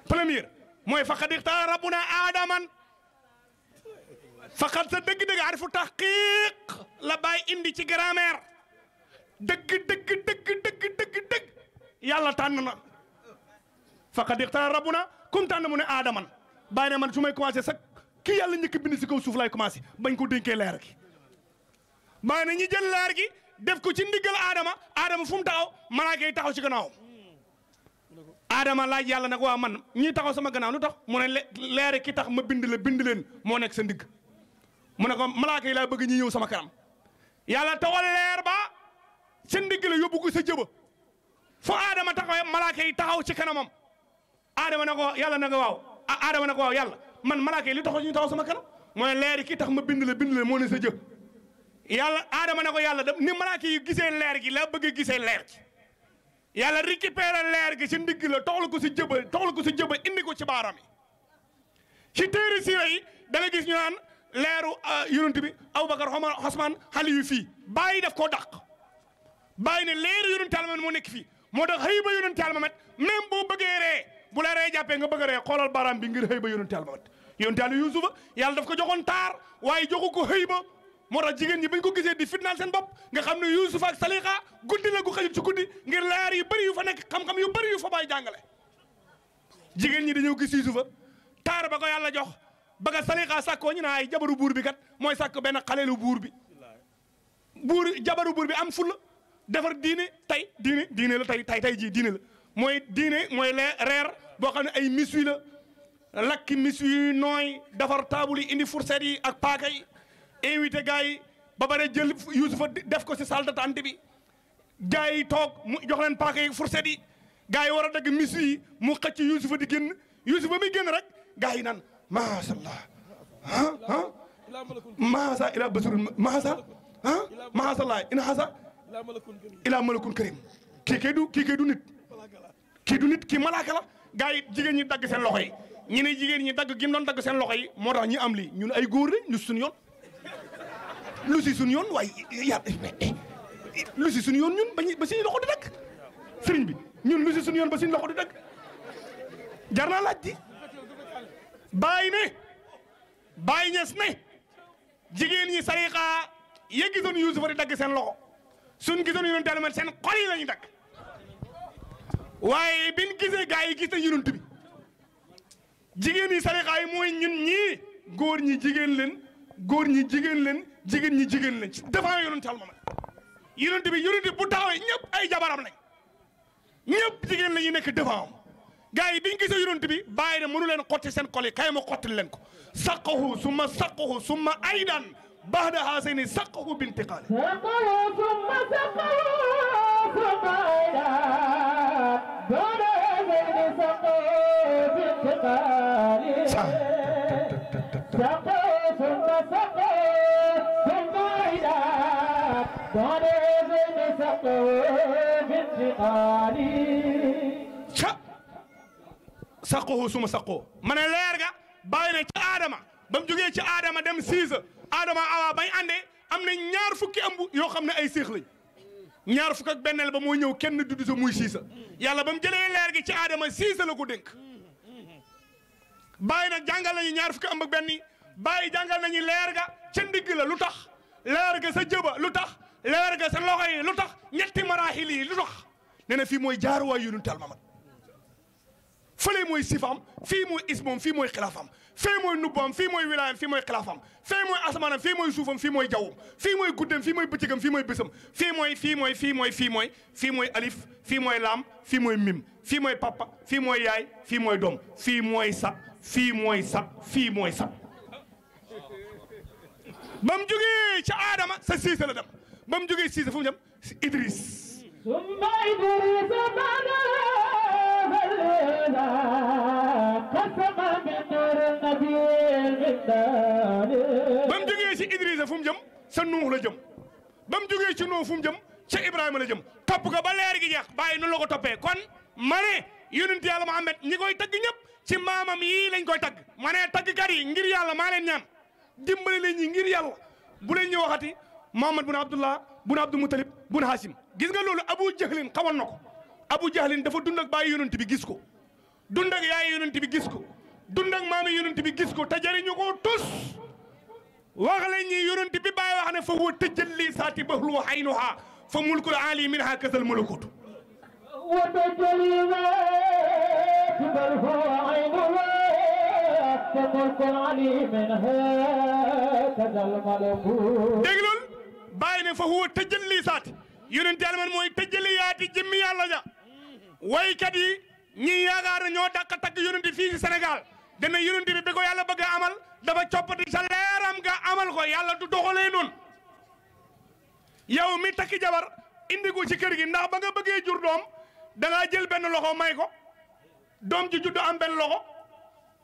première mooy faqad ixtaar rabbuna aadaman faqad sa dëgg-dëgg arfu taxqiq la baay indi ci grammaire yàlla tànn na faqad ixtaara rabbuna kum tànn mu ne aadaman bàyyi man su may commencé sax ki yàlla njëkk bind si suuf laay commencé bañ ko dénkee leer gi bàyyi ñi jël leer gi def ko ci ndiggal aadama aadama fu mu taxaw malaaka yi taxaw ci gannaawam aadama laaj yàlla nag waa man ñii taxaw sama gannaaw lu tax mu ne leer ki tax ma bind la bind leen moo nekk sa ndigg mu ne ko malaaka yi laa bëgg ñi ñëw sama kanam yàlla taxawal leer ba sa ndigg la yóbbu ko sa jëba fu aadama taxawee malaaka yi taxaw ci kanamam aadama na ko yàlla na ko waaw ah aadama na ko yàlla man malaaka yi li taxaw ñu taxaw sama kanam mooy leer ki tax ma bind la moo ne sa jëf yàlla aadama na ko yàlla da ni malaaka yi gisee leer gi la bëgg gisee leer gi yàlla récupéré leer gi ci ndigg la toxal ko ci jëba toxal ko ci jëba indi ko ci baaram yi ci téere siira yi da nga gis ñu naan leeru yonent bi Aboubacar Omar Osman xale yu fii bàyyi daf koo dàq bàyyi ne leeru yonent Yàlla moo nekk fii moo tax xëy ba yonent Yàlla Muhammad même boo bëggee ree bu la ree jàppee nga bëgg a ree xoolal baaraam bi ngir xëy ba yonent Yàlla Muhammad yonent Yàlla Yuusufa yàlla daf ko joxoon taar waaye joxu ko xëy ba moo tax jigéen ñi bañ ko gisee di fitnaal seen bopp nga xam ne Yuusufa ak Salixa guddi la gu xajul ci guddi ngir leer yu bëri yu fa nekk xam-xam yu bëri yu fa bàyyi jàngale jigéen ñi dañoo gis Yuusufa taar ba ko yàlla jox ba nga Salixa sàkkoo ñu ne ay jabaru buur bi kat mooy sàkk benn xaleelu buur bi buur jabaru buur bi am fulla defar diine tey diine diine la tey tey tey jii diine la mooy diine mooy lee reer boo xam ne ay miswi la lakk miswi yu nooy defar taabul yi indi fourchette yi ak paaka yi invité gars yi ba pare jël Youssoufa def ko si salle d'attente bi gars yi toog mu jox leen paaka yi fourchette yi gars yi war a dagg miswi yi mu xëcc Youssoufa di génn Youssoufa mi génn rek gars yi naan macha allah ah ah maasa ila basirul maasa ah maasa allah ina xasa ilaa malakun karim kii kay du kii kay du nit kii du nit kii malaaka la gaa yi jigéen ñi dagg seen loxo yi ñu ne jigéen ñi dagg gim doon dagg seen loxo yi moo tax ñu am lii ñun ay góor lañ lu suñu yoon lu si suñu yoon waaye ya eh, eh, eh. lu si suñu yoon ñun bañ ba suñu loxo di bi ñun lu si yoon ba suñu loxo di dagg jar naa laaj ji bàyyi ne bàyyi ñes ne jigéen ñi sariqa yeggi son Yuusufa di dagg seen loxo sun gisoon yonent yàlla man seen xol yi la ñu dagg waaye biñ gisee gaa yi gis nañ yonent bi jigéen yi sarixa yi mooy ñun ñii góor ñi jigéen leen góor ñi jigéen leen jigéen ñi jigéen leen dafa yonent yàlla man yonent bi yonent bu taxawee ñëpp ay jabaram lañ ñëpp jigéen la ñu nekk devant gars yi bi ñu gisee yonent bi bàyyi mu mënu leen xotti seen xol yi kay ma xottil leen ko saqahu summa saqahu summa aydan بعد هذين سقه بانتقال سقه ثم سقه ثم إلى بعد هذين سقه بانتقال سقه ثم سقه ثم إلى بعد هذين سقه بانتقال سقه ثم سقه من اللي يرجع بين آدم ba mu jógee ci aadama dem siisa adama awa bañ àndee am na ñaar fukki ëmb yoo xam ne ay séex ñaar fukk ak ba moo ñëw kenn dudd sa muy siisa yàlla ba mu jëlee leer gi ci aadama siisa la ko dénk bàyyi nag jàngal nañu ñaar fukki ëmb ak benn yi bàyyi jàngal nañu leer ga ca ndigg la lu tax leer ga sa jëba lu tax leer ga sa loxo yi lu tax ñetti maraaxil yi lu tax nee na fii mooy jaaruwaay yu nu tal mamat fële mooy sifaam fii mooy ismoom fii mooy xilaafam fii mooy nubbaam fii mooy wilaayam fii mooy xilaafam mooy asamaanam fii mooy suufam fii mooy jawwam fii mooy guddeem fii mooy bëccëgam fii mooy fii mooy fii mooy fii mooy fii alif fii laam fii mim fii mooy papa fii mooy yaay fii mooy doom fii mooy sa fii mooy sa fii mooy sa ba mu jógee ca sa siise la dem ba mu siise fu mu dem si idris summa idris قسم من نور النبي المدار بام جوغي سي sa nuux la jëm bam jógee ci nuux fu jëm ca Ibrahima la jëm topp ko ba leer gi jeex bàyyi noonu la ko toppee kon ma ne yonent yàlla Muhammad ñi koy tagg ñëpp ci maamam yii lañ koy tagg ma ne taggkat yi ngir yàlla maa leen ñaan dimbale leen ngir yàlla bu leen ñu waxati Muhammad bun Abdullah bun Abdul Mutalib bun Haasim gis nga loolu Abu Jahlin xawoon na ko Abu Jahlin dafa dund ak bàyyi bi gis ko dund ak yaay yonent bi gis ko dund ak maami yonent bi gis ko te ko tus wax la ñuy yonent bi bàyyi wax ne fa wa tëjëlli saati bahul wa aynuha fa mulkul aali minha kasal malakutu wa tëjëlli kasal malakutu déglul bàyyi ne fa huwa tëjëlli saati yonent yàlla man mooy tëjëlli yaati jëmmi yàlla ja waykat yi ñi yaakaar ñoo di tak yonent bi fii ci Sénégal dana baga bi ko yàlla bëgg amal dafa coppati sa leeram nga amal ko yàlla du doxalee noonu yow mi takki jabar indi ko ci kër gi ndax ba nga bëggee jur doom da ngaa jël benn loxo may ko doom ji judd am benn loxo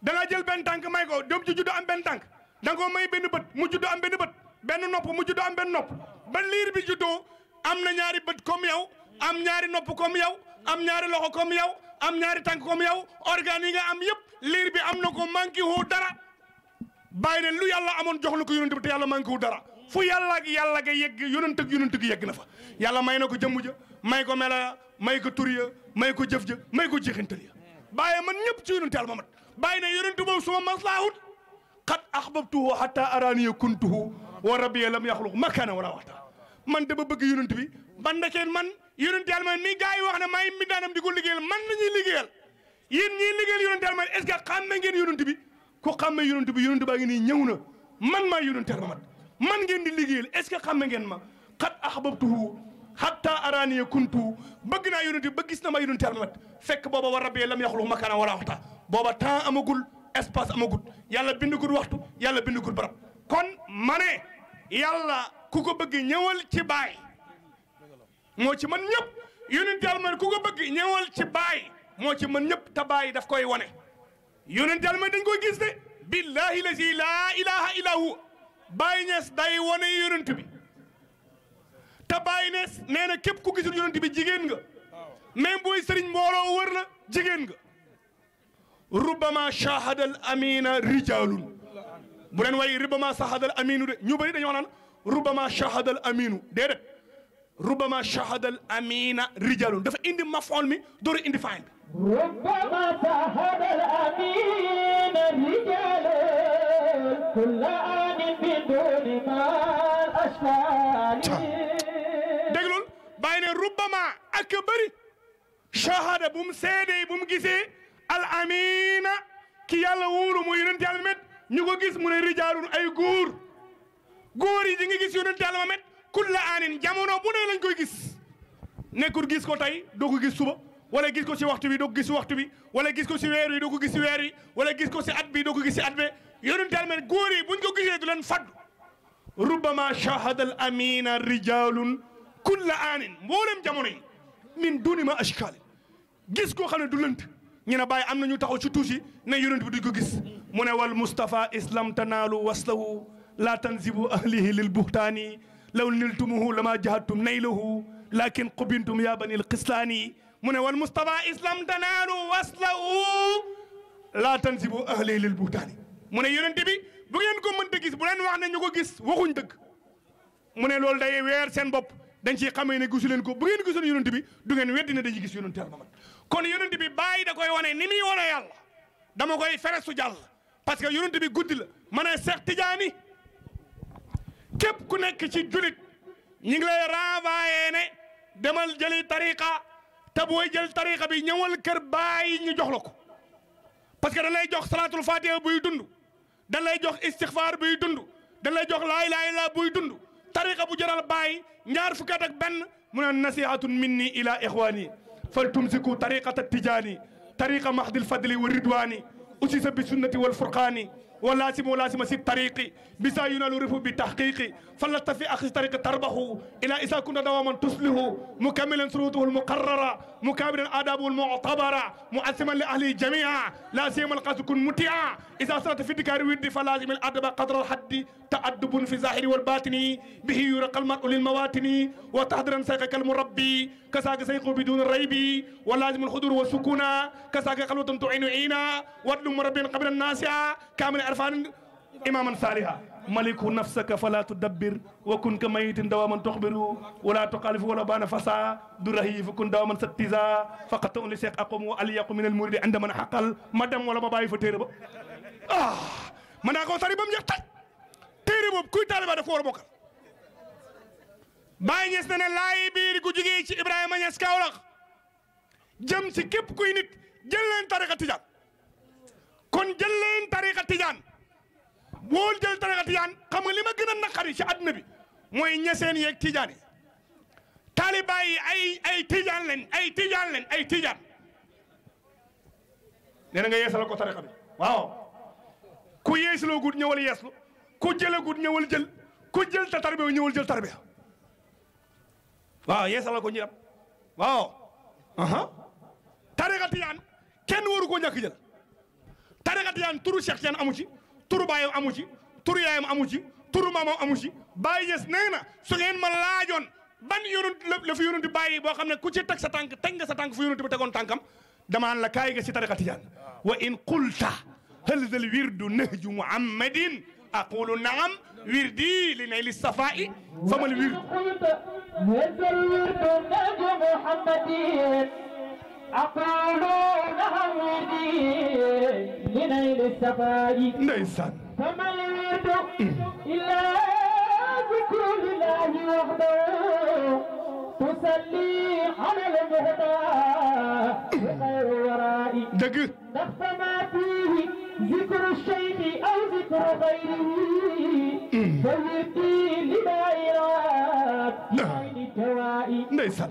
da ngaa jël benn tànk may ko doom ji judd am benn tànk da nga may benn bët mu judd am benn bët benn nopp mu judd am benn nopp ba liir bi juddoo am na ñaari bët comme yow am ñaari nopp comme yow am ñaari loxo comme yow am ñaari tànk comme yow organes yi nga am yëpp liir bi am na ko manqué wu dara bàyyi ne lu yàlla amoon jox la ko yonent bi te yàlla manqué wu dara fu yàlla ak yàlla ga yegg yonent ak yonent gi yegg na fa yàlla may na ko jëmm ja may ko mela ya may ko tur may ko jëf jë may ko jeexintal ya bàyyi man ñëpp ci yonent yàlla mamat bàyyi ne yonent boobu suma maslaahut xat ahbabtuhu hatta araaniya kuntuhu wa rabbiya lam yaxluq makana wala waxta man dama bëgg yonent bi ban yonent yàlla man mi gars yi wax ne maa ngi mbindaanam di ko liggéeyal man la ñuy liggéeyal yéen ñiy liggéeyal yonent yàlla man est ce que xàmme ngeen yonent ku xàmme yonent bi yonent ngi nii ñëw na man maa yonent yàlla man man ngeen di liggéeyal est ce que xàmme ngeen ma xat ahbabtuhu hatta araaniya kuntu bëgg naa yonent bi ba gis na ma yonent yàlla man fekk booba wa rabbi lam yaxluq makaanan wala waxta booba temps amagul espace amagul yàlla bindagul waxtu yàlla bindagul barab kon ma ne yàlla ku ko bëgg ñëwal ci baay moo ci mën ñëpp yonent yàlla man ku ko bëgg ñëwal ci baay moo ci mën ñëpp te baay daf koy wane yonent yàlla man dañ koy gis de billahi lazi laa ilaha illa hu baay ñees day wane yonent bi te baay nees nee na képp ku gisul yonent bi jigéen nga même booy sëriñ mbooloo wër na jigéen nga rubama shahadal amina rijalun bu leen waaye rubama shahadal aminu de ñu bëri dañoo naan rubama shahadal aminu déedéet ربما شهد الامين رجال إن اندي مفعول مي دور اندي فاين ربما شهد الامين رجال كل ان بدون ما الاشكال دقلون باين ربما اكبر شهد بوم سيدي بوم غيسي الامين كي يلاولو مو يونت يالا مت نيغو غيس مون رجال اي غور غور يي غيس يونت يالا kulla aanin jamono bu ne lañ koy gis nekkul gis ko tey doo ko gis suba wala gis ko si waxtu wi doo gis waxtu bi wala gis ko si weer yi doo ko gis si weer yi wala gis ko si at bi doo ko gis si at be yonenteel men góor yi buñ ko gisee du leen faddu rubbama shahada al amina rijalun kulla aanin mboolem jamono yi min duni ma ashkaal gis ko xam ne du lënt ñu ne bàyyi am na ñu taxaw ci tuuti ne yonent bi duñ ko gis mu ne wal Mustafa islam tanaalu waslahu la tanzibu لو نلتمه لما جهدتم نيله لكن قبنتم يا بني القسلاني من والمصطفى اسلام تنالوا واصلوا لا تنسبوا اهلي للبوتان من يونتي بي بغين كوم من تيس بولن واخ نانيو كو غيس واخون من لول داي وير سين بوب دنجي خامي ني غوسولين كو بغين غوسول يونتي بي ودينا داي غيس يونتي الله محمد كون يونتي باي داكوي واني نيمي وانا يالا داما كوي فرسو جال باسكو يونتي بي غودي شيخ تيجاني كيف كنك تجولك نجلي رافا يعني دمال جلي طريقة تبوي جلي طريقة بينول كرباي نجحلك بس كده لا يجح صلاة الفاتحة بيدندو ده لا يجح استغفار بيدندو ده لا يجح لا لا لا بيدندو طريقة بجرال باي نار فكرك بن من النصيحة مني إلى إخواني فلتمسكوا طريقة التجاني طريقة محض الفضل والرضواني أسس بسنة والفرقاني ولازم ولازم سي طريقي بسا ينالورف بتحقيقي فلت في أخذ طريق تربه إلى إذا كنا دواما تسله مكملا سروده المقررة مكابرا آداب المعتبرة مؤثما لاهل جميعا لا سيما القاس كن متيعا إذا صرت في الدكار ودي فلازم الأدب قدر الحد تأدب في الظاهر والباطن به يرقى المرء للمواتن وتحضرا سيقك المربي كساك سيقو بدون الريب ولازم الخضور والسكون كساك قلوة تعين عينا ودم ربي قبل الناس كامل عرفان إماما صالحا ملك نفسك فلا تدبر وكن كميت دواما تخبر ولا تقالف ولا بان فسا درهي فكن دواما ستزا فقط أولي شيخ أقوم وأليق من المريد عندما حقل مدام ولا مباي فتير آه من أقوى سري بم يقتل تير بم كوي طالب دفور بوكر Baay Ñas na ne بير كو gu إبراهيم ci Ibrahima Ñas Kaolack jëm ci képp kuy nit kon jël leen tariqa tijaan boo jël tariqa tijaan xam nga li ma gën a naqari ci àdduna bi mooy ñeseen yeeg tijaan yi taaliba yi ay ay tijaan ay tijaan leen ay tijaan nee na nga yeesala ko tariqa bi waaw ku yeesaloo guut ñëwal yeeslu ku jëlee guut ñëwal jël ku jël ta tarbiya ñëwal jël tarbiya waaw yeesala ko ñi am waaw aha tariqa kenn waru ko ñàkk tariqa tijaan turu Cheikh Tijaan amu ci turu baayam amu ci turu yaayam amu ci turu maamam amu ci Baye Niass nee na su ngeen ma laajoon ban yonent la la fi yonent bàyyi boo xam ne ku ci teg sa tànk teg nga sa tànk fu yonent bi tegoon tànkam damaan la kaay nga si tariqa tijaan wa in qulta hal zal wirdu nahju muhammadin aqulu naam wirdi li nayli safaa'i famal wirdu أقول نهودي لنيل السفاي نيسان فما الورد إلا ذكر الله وحده تصلي على المهدى وخير ورائي دق نخف ما فيه ذكر الشيخ أو ذكر غيره فوقي لما يراد نعم نيسان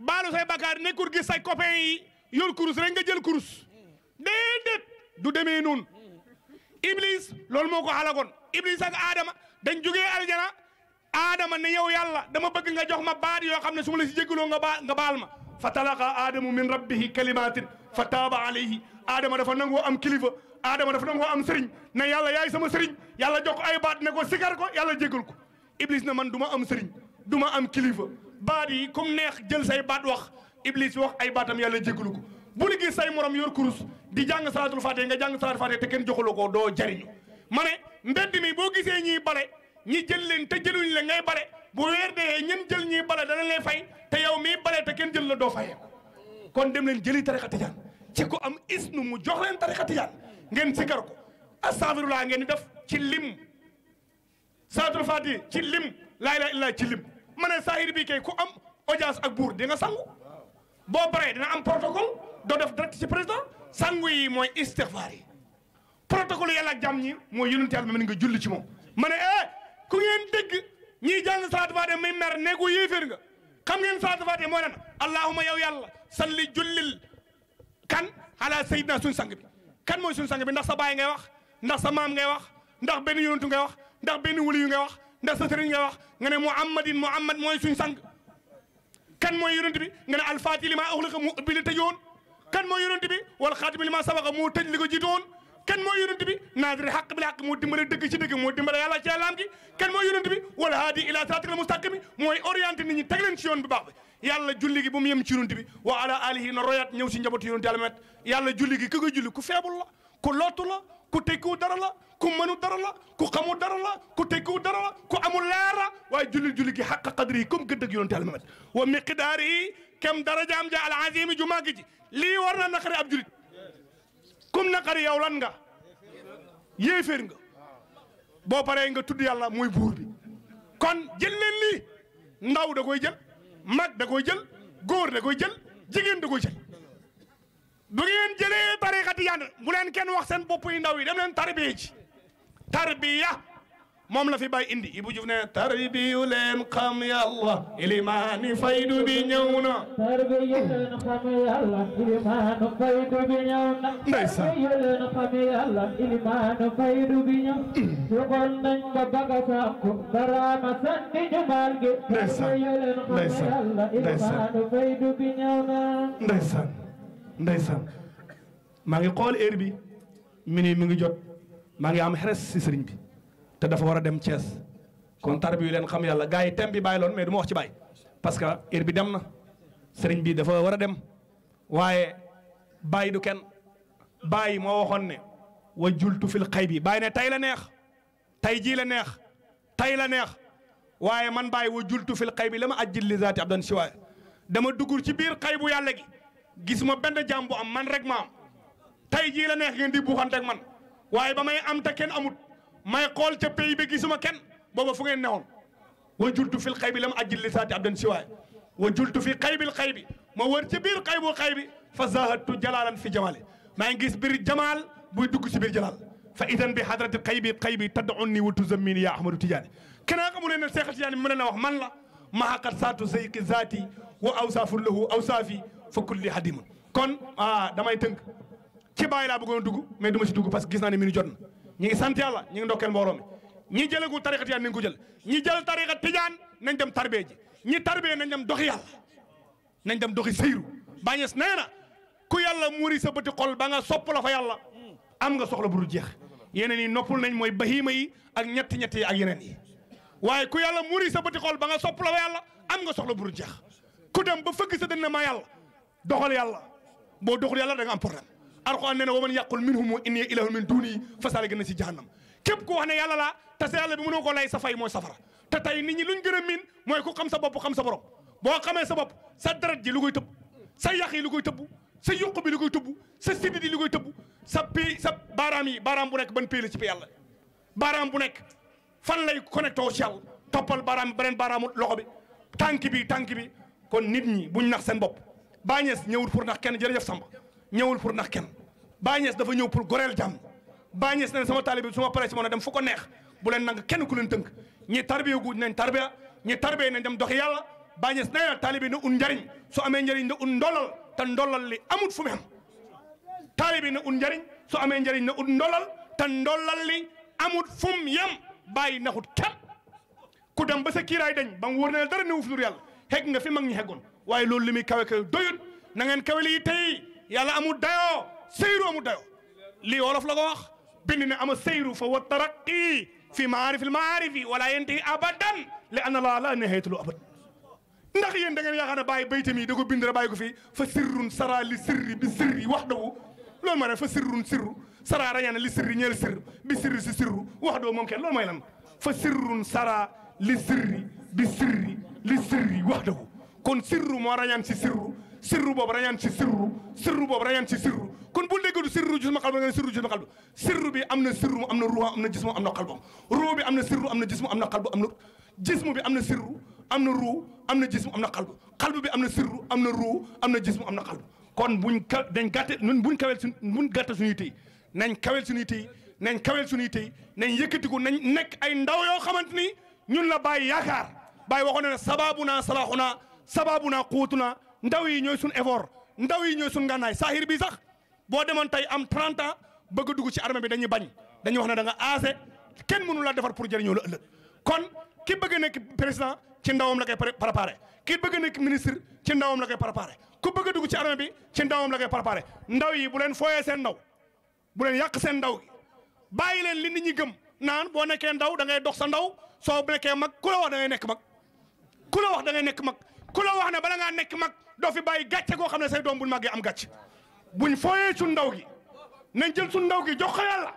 baalu say bakkaar ne gis say copain yi yor kurus rek nga jël kurus déedéet du demee noonu iblis loolu moo ko xalagoon iblis ak aadama dañ jugee aljana aadama ne yow yàlla dama bëgg nga jox ma baat yoo xam ne su la si jégaloo nga baal nga baal ma fa talaqa aadamu min rabbihi kalimatin fa taaba alayhi aadama dafa nangoo am kilifa aadama dafa nangoo am sëriñ na yàlla yaay sama sëriñ yàlla jox ko ay baat ne ko sikar ko yàlla jégal ko iblis na man du am sëriñ du am kilifa baat yi comme neex jël say baat wax iblis wax ay baatam yàlla jégalu ko bu li gis say morom yor kurus di jàng salaatul faatiha nga jàng salaatul faatiha te kenn joxuloo ko doo jariñu ma ne mbedd mi boo gisee ñuy bale ñi jël leen te jëluñ la ngay bale bu weer dee ñen jël ñuy bale dana lay fay te yow mii bale te kenn jël la doo fayee kon dem leen jëli tarixa tijaan ci ko am isnu mu jox leen tarixa tijaan ngeen sikar ko laa ngeen def ci lim salaatul ci lim laa ci lim mane ne saahir bi kay ku am audience ak buur di nga sangu boo paree dina am protocole doo def direct ci président sangu yi mooy istixfaar yi protocole yàlla ak jàmm ñi mooy yonent yàlla mën nga julli ci moom ma ne eh ku ngeen dégg ñiy jàng salaatu faate muy mer neegu yéeféer nga xam ngeen salaatu faate mooy lan allahuma yow yàlla salli jullil kan ala sayyidina suñ sang bi kan mooy suñ sang bi ndax sa baay ngay wax ndax sa maam ngay wax ndax benn yonentu ngay wax ndax benn wali yu ngay wax ndax sa sëriñ nga wax nga ne muhammadin muhammad moy suñ sang kan moy yoonent bi nga ne al li maa uxliqa mu ubbi li tëjoon kan moy yoonent bi wal xaatimi lima sabaqa moo tëj li ko jiitoon kan moy yoonent bi nadir haqq bil haqq xaq moo dimbale dëgg ci deug moo dimbale yàlla ci yàllaam gi kan moy yoonent bi wal hadi ila siratil mustaqim moy orienter nit ñi teg leen ci yoon bu baax bi yàlla julli gi bu mu yem ci yoonent bi wa ala alihi na royat ñëw ci njabot yoonent yàlla met yàlla julli gi ku ko julli ku febul la ku lotu la كتكو درلا كمنو درلا كقمو درلا كتكو درلا كأمو لارا ويجل جلي حق قدري كم قد جون تعلمت ومقداري كم درجة أم جاء العظيم جماعة جي لي ورنا نخري أبجلي كم نخري يا ولنغا يفرنغا بو بارينغا تودي الله موي بوربي كون جل لي ناو دكوي جل مك دكوي جل غور دكوي جل جيجين دكوي جل bu ngeen a tariqa tijaan bu leen kenn wax seen bopp yu ndaw yi dem leen moom la fi bay indi Ibou Diouf ne tarbiyu leen xam yàlla ilimaani faydu bi ñëw faydu bi ñëw na ndeysaan tarbiyu leen xam yàlla ilimaani faydu mm. faydu bi ñëw na ndaysan ma ngi xol heure bi mini mi ngi jot ma ngi am xeres ci serigne bi te dafa wara dem Thiès kon tarbi yu len xam yàlla gars tem bi baylon mais duma wax ci bay parce que heure bi dem na serigne bi dafa wara dem waye bay du ken bay mo waxoon ne wajultu fil khaybi bay ne tay la neex tay ji la neex tay la neex waye man bay wajultu fil khaybi lama ajil li zati abdan siwaay dama dugg ci bir khaybu yàlla gi gisuma benn jaam bu am man rek ma am tey jii la neex ngeen di buuxante ak man waaye ba may am te kenn amut may xool ca pays bi gisuma kenn booba fu ngeen newoon wa jultu fil xay bi lam ajil lisaati abdan siwaay wa jultu fi xaybil xay bi ma wër ci biir xay bu xay bi fa zahattu jalalan fi jamali maa ngi gis biir jamaal buy dugg si biir jalaal fa idan bi hadrati xay bi xay bi wa tuzammini ya ahmadou tidiane kena xamu leen ne seexal tidiane na wax man la mahaqat saatu zayqi zaati wa awsaafun lahu awsaafi Fukul li kon ah damay teunk ci bàyyi la bëggoon dugg mais duma ci si dugg parce que gis na ni minu jot ñi ngi sante yalla ñi ngi ndokkel mbooloo mi ñi jëlagul tariqa tijaan nañ ngi jël ñi jël tariqa tijaan nañ dem tarbee ji ñi tarbee nañ dem doxi yalla nañ dem doxi seyru bañes neena na ku yalla muri sa beuti xol ba nga sopp la fa yalla am nga soxla bu dul jeex yeneen yi noppul nañ moy bahima yi ak ñetti ñetti yi ak yeneen yi waye ku yalla muri sa beuti xol ba nga sopp la fa yalla am nga soxla bu jeex ku dem ba fëgg sa dënn ma yalla doxal yàlla boo doxul yàlla da nga am problème alxuraan nee na wa man yàqul minhum inni ilaahu min duuni fasaale gën na si jahannam képp ku wax ne yàlla la te sa yàlla bi mënoo ko lay safay mooy safara te tey nit ñi luñ gën a mooy ko xam sa bopp xam sa borom boo xamee sa bopp sa deret ji lu koy tëbb sa yàq yi lu koy tëbb sa yuq bi lu koy tëbb sa siddi di lu koy tëbb sa pii sa baaraam yi baaraam bu nekk ban pii la ci pi yàlla baaraam bu nekk fan lay connecté ci yàlla toppal baaraam beneen baaraamu loxo bi tànk bi tànk bi kon nit ñi buñ nax seen bopp bàññees ñëwul pour ndax kenn jër jërëjëf Samba ñëwul pour ndax kenn bàññees dafa ñëw pour goreel jàmm bàññees ne sama taalibe bi su ma paree si mën a dem fu ko neex bu leen nang kenn ku leen tënk ñi tarbiya guuj nen tarbiya ñi tarbiya nañ dem doxi yàlla bàññees nee na taalibe na un njariñ su amee njariñ na un ndolal te ndolal li amut fu mu am taalibe na njariñ su amee njariñ na un ndolal te ndolal li amut fu mu yem bàyyi naxut kenn ku dem ba sa kiiraay dañ ba mu ne dara néew fi lu yàlla xegg nga fi mag ñi xeggoon waaye loolu limi kawe kawe doyut na ngeen kawe li tay yàlla amu dayo seyru amu dayo li wolof la ko wax bindi ne ama seyru fa wa fi maarif al ma'arif wa la yenti abadan li anna la la nihayat al abad ndax yéen da ngeen yaakaar ne bàyyi baytam yi da ko bind rek bàyyi ko fi fa sirrun sara li sirri bi sirri wax dawu loolu ma ne fa sirrun sirru sara rañana li sirri ñeel sirr bi sirri si sirru wax mom ken kenn may lan fa sirrun sara li sirri bi sirri li sirri wax kon sirru moo rañaan si sirru sirru boobu rañaan si sirru sirru boobu rañaan si sirru kon bul dégg du sirru gis ma xalba nga ne sirru gis ma xalba bi am na sirru am na ruwa am na gis mu am na xalba ruu bi am na sirru am na gis am na xalba am na gis bi am na sirru am na ruu am na gis mu am na xalba xalba bi am na sirru am na ruu am na gis mu am na xalba kon buñ ka dañ gàtte nun buñ kawel suñ buñ gàtte suñuy tey nañ kawel suñuy tey nañ kawel suñuy tey nañ yëkkatiku nañ nekk ay ndaw yoo xamante ni ñun la bàyyi yaakaar bàyyi waxoon naa sababuna naa sabaabu naa xuutu naa ndaw yi ñooy sunu effort ndaw yi ñooy suñu ngànnaay saaxiir bi sax boo demoon tey am 30 ans bëgg dugg ci armée bi dañuy bañ dañuy wax ne da nga aase kenn mënu la defar pour jëriñoo la ëllëg kon ki bëgg nekk président ci ndawam la koy préparé ki bëgg nekk ministre ci ndawam la koy ku bëgg dugg ci armée bi ci ndawam la koy préparé ndaw yi bu leen fooyee seen ndaw bu leen yàq seen ndaw gi bàyyi leen li nit ñi gëm naan boo nekkee ndaw da ngay dox sa ndaw soo nekkee mag ku la wax da ngay nekk mag ku la wax da ngay nekk mag ku la wax ne bala ngaa nekk mag doo fi bàyyi gàcce goo xam ne say doom buñ màggee am gàcce buñ fooyee suñ ndaw gi nañ jël suñ ndaw gi jox ko yàlla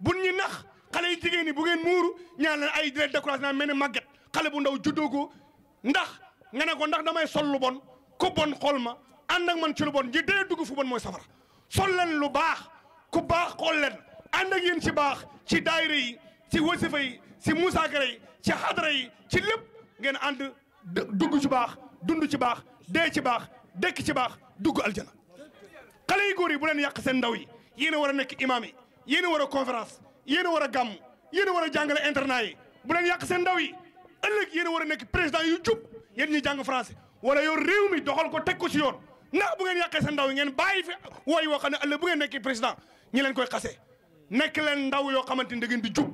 buñ ñu nax xale yi jigéen ñi bu ngeen muuru ñaan leen ay direct décourage naa mel ni màgget xale bu ndaw juddoo ko ndax nga ne ndax damay sol lu bon ku bon xool ma ànd ak man ci lu bon ñi dee dugg fu bon mooy safara sol leen lu baax ku baax xool leen ànd ak yéen ci baax ci daayira yi ci wasifa yi ci musaakara yi ci xadara yi ci lépp ngeen ànd dugg ci baax dund ci baax dee ci baax dekk ci baax dugg aljana xale yi góor yi bu leen yàq seen ndaw yi yéen a war a nekk imaam yi yéen a war a conférence yéen a war a gàmm war a jàngale internat yi bu leen yàq seen ndaw yi ëllëg yéen a war a nekk président yu jub yéen ñuy jàng français wala yow réew mi doxal ko teg ko ci yoon ndax bu ngeen yàqee seen ndaw yi ngeen bàyyi fi wooy woo xam ne ëllëg bu ngeen nekkee président ñi leen koy xasee nekk leen ndaw yoo xamante ni da ngeen di jub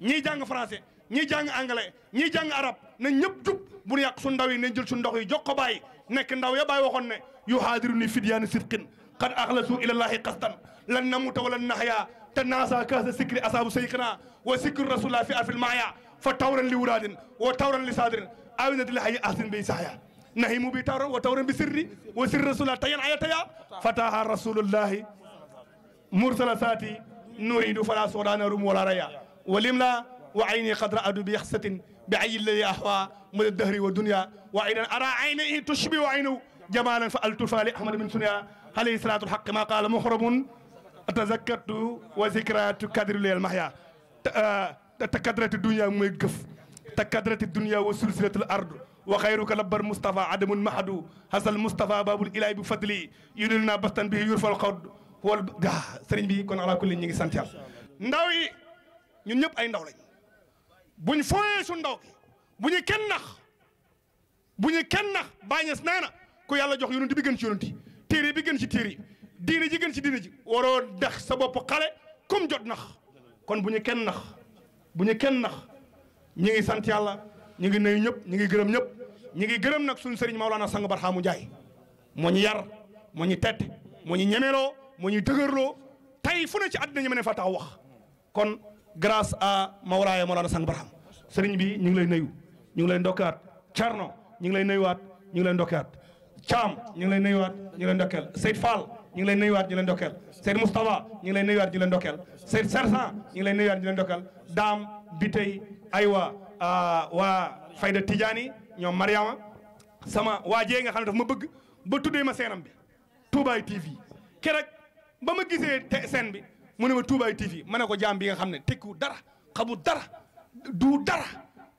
ñiy jàng français ñi jàng anglais ñi jàng arab na ñëpp jub bu yàq su ndaw yi nañ jël su ndox yi jox ko bàyyi nekk ndaw ya bàyyi waxoon ne yu haadiru ni fidyaani sidqin qad axlasu ilallahi qasdan lan namuta walan naxyaa te naasa kaasa sikri asaabu sayqina wa sikru rasulillah fi arfil maaya fa tawran li wuraadin wa tawran li saadirin awinati li hayi ahsin bi sahya nahimu bi tawran wa tawran bi sirri wa sirri rasulillah tayan ayataya fataha rasulullahi mursala وعيني قد رأى بيخسة بعي الذي أهوى من الدهر والدنيا وإن أرى عينه تشبه عينه جمالا فألتفى لأحمد بن سنيا عليه الصلاة الحق ما قال مخرب أتذكرت وذكرى تكدر لي المحيا آه، تكدرت الدنيا ميقف تكدرت الدنيا وسلسلة الأرض وخيرك لبر مصطفى عدم محدو هذا المصطفى باب الإله بفضلي يدلنا بستا به يرفع القرد هو الب... سرين بي كون على كل نيجي سانتيال ناوي yi ñun ñëpp ay ndaw lañ bu ñu fooyee su ndaw bu ñu kenn nax bu ñu kenn nax baa nee na ku yàlla jox yonent bi gën ci yonent yi bi gën ci téere yi ji gën ci diine ji waroo dex sa bopp xale comme jot nax kon bu ñu kenn nax bu ñu kenn nax ñu ngi sant yàlla ñu ngi nuyu ñëpp ñu ngi gërëm ñëpp ñu ngi gërëm nag suñu sëriñ Maolana Sang Barhaamu Njaay moo ñu yar moo ñu tett moo ñu ñemeloo moo ñu dëgërloo tey fu ne ci àddina ñu mën a fa tax wax kon grâce à Mawlaaya Mawlaana Sang Barham sëriñ bi ñu ngi lay nuyu ñu ngi lay dokkaat Thierno ñu ngi lay nuyuwaat ñu ngi lay ndokkaat Thiam ñu ngi lay nuyuwaat ñu ngi lay ndokkeel Seyd Fall ñu ngi lay nuyuwaat ñu leen ndokkeel Seyd Moustapha ñu ngi lay nuyuwaat ñu leen ndokkeel Seyd Sersan ñu ngi lay nuyuwaat ñu leen ndokkeel Daam bi tey aywa waa Fayda Tidiane ñoom Mariama sama waa jee nga xam ne daf ma bëgg ba tuddee ma seenam bi Touba TV keroog ba ma gisee scène bi. mu ne ma Touba TV ma ne ko jaam bi nga xam ne tekkiwu dara xamu dara du dara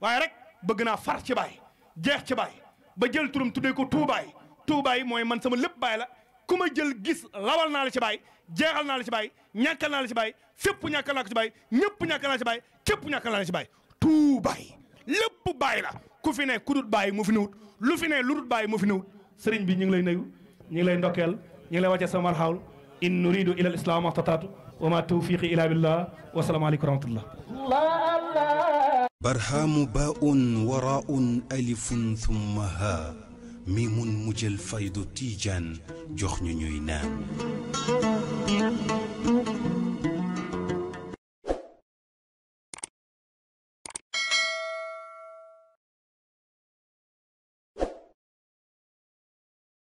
waaye rek bëgg naa far ci baay jeex ci baay ba jël turam tuddee ko tuubaay tuubaay mooy man sama lépp baay la ku ma jël gis lawal naa la ci baay jeexal naa la ci baay ñàkkal naa la ci baay fépp ñàkkal naa ko ci baay ñëpp ñàkkal naa ci baay képp ñàkkal naa la ci baay tuubaay lépp baay la ku fi ne ku dut baay mu fi newut lu fi ne lu dut baay mu fi newut sëriñ bi ñu ngi lay nuyu ñu ngi lay ndokkeel ñu ngi lay wàcce sama marxawul in nuridu ila al islam maxtataatu وما توفيقي إلا بالله والسلام عليكم ورحمة الله برهام باء وراء ألف ثم ها ميم مجل فيض تيجان جخن نام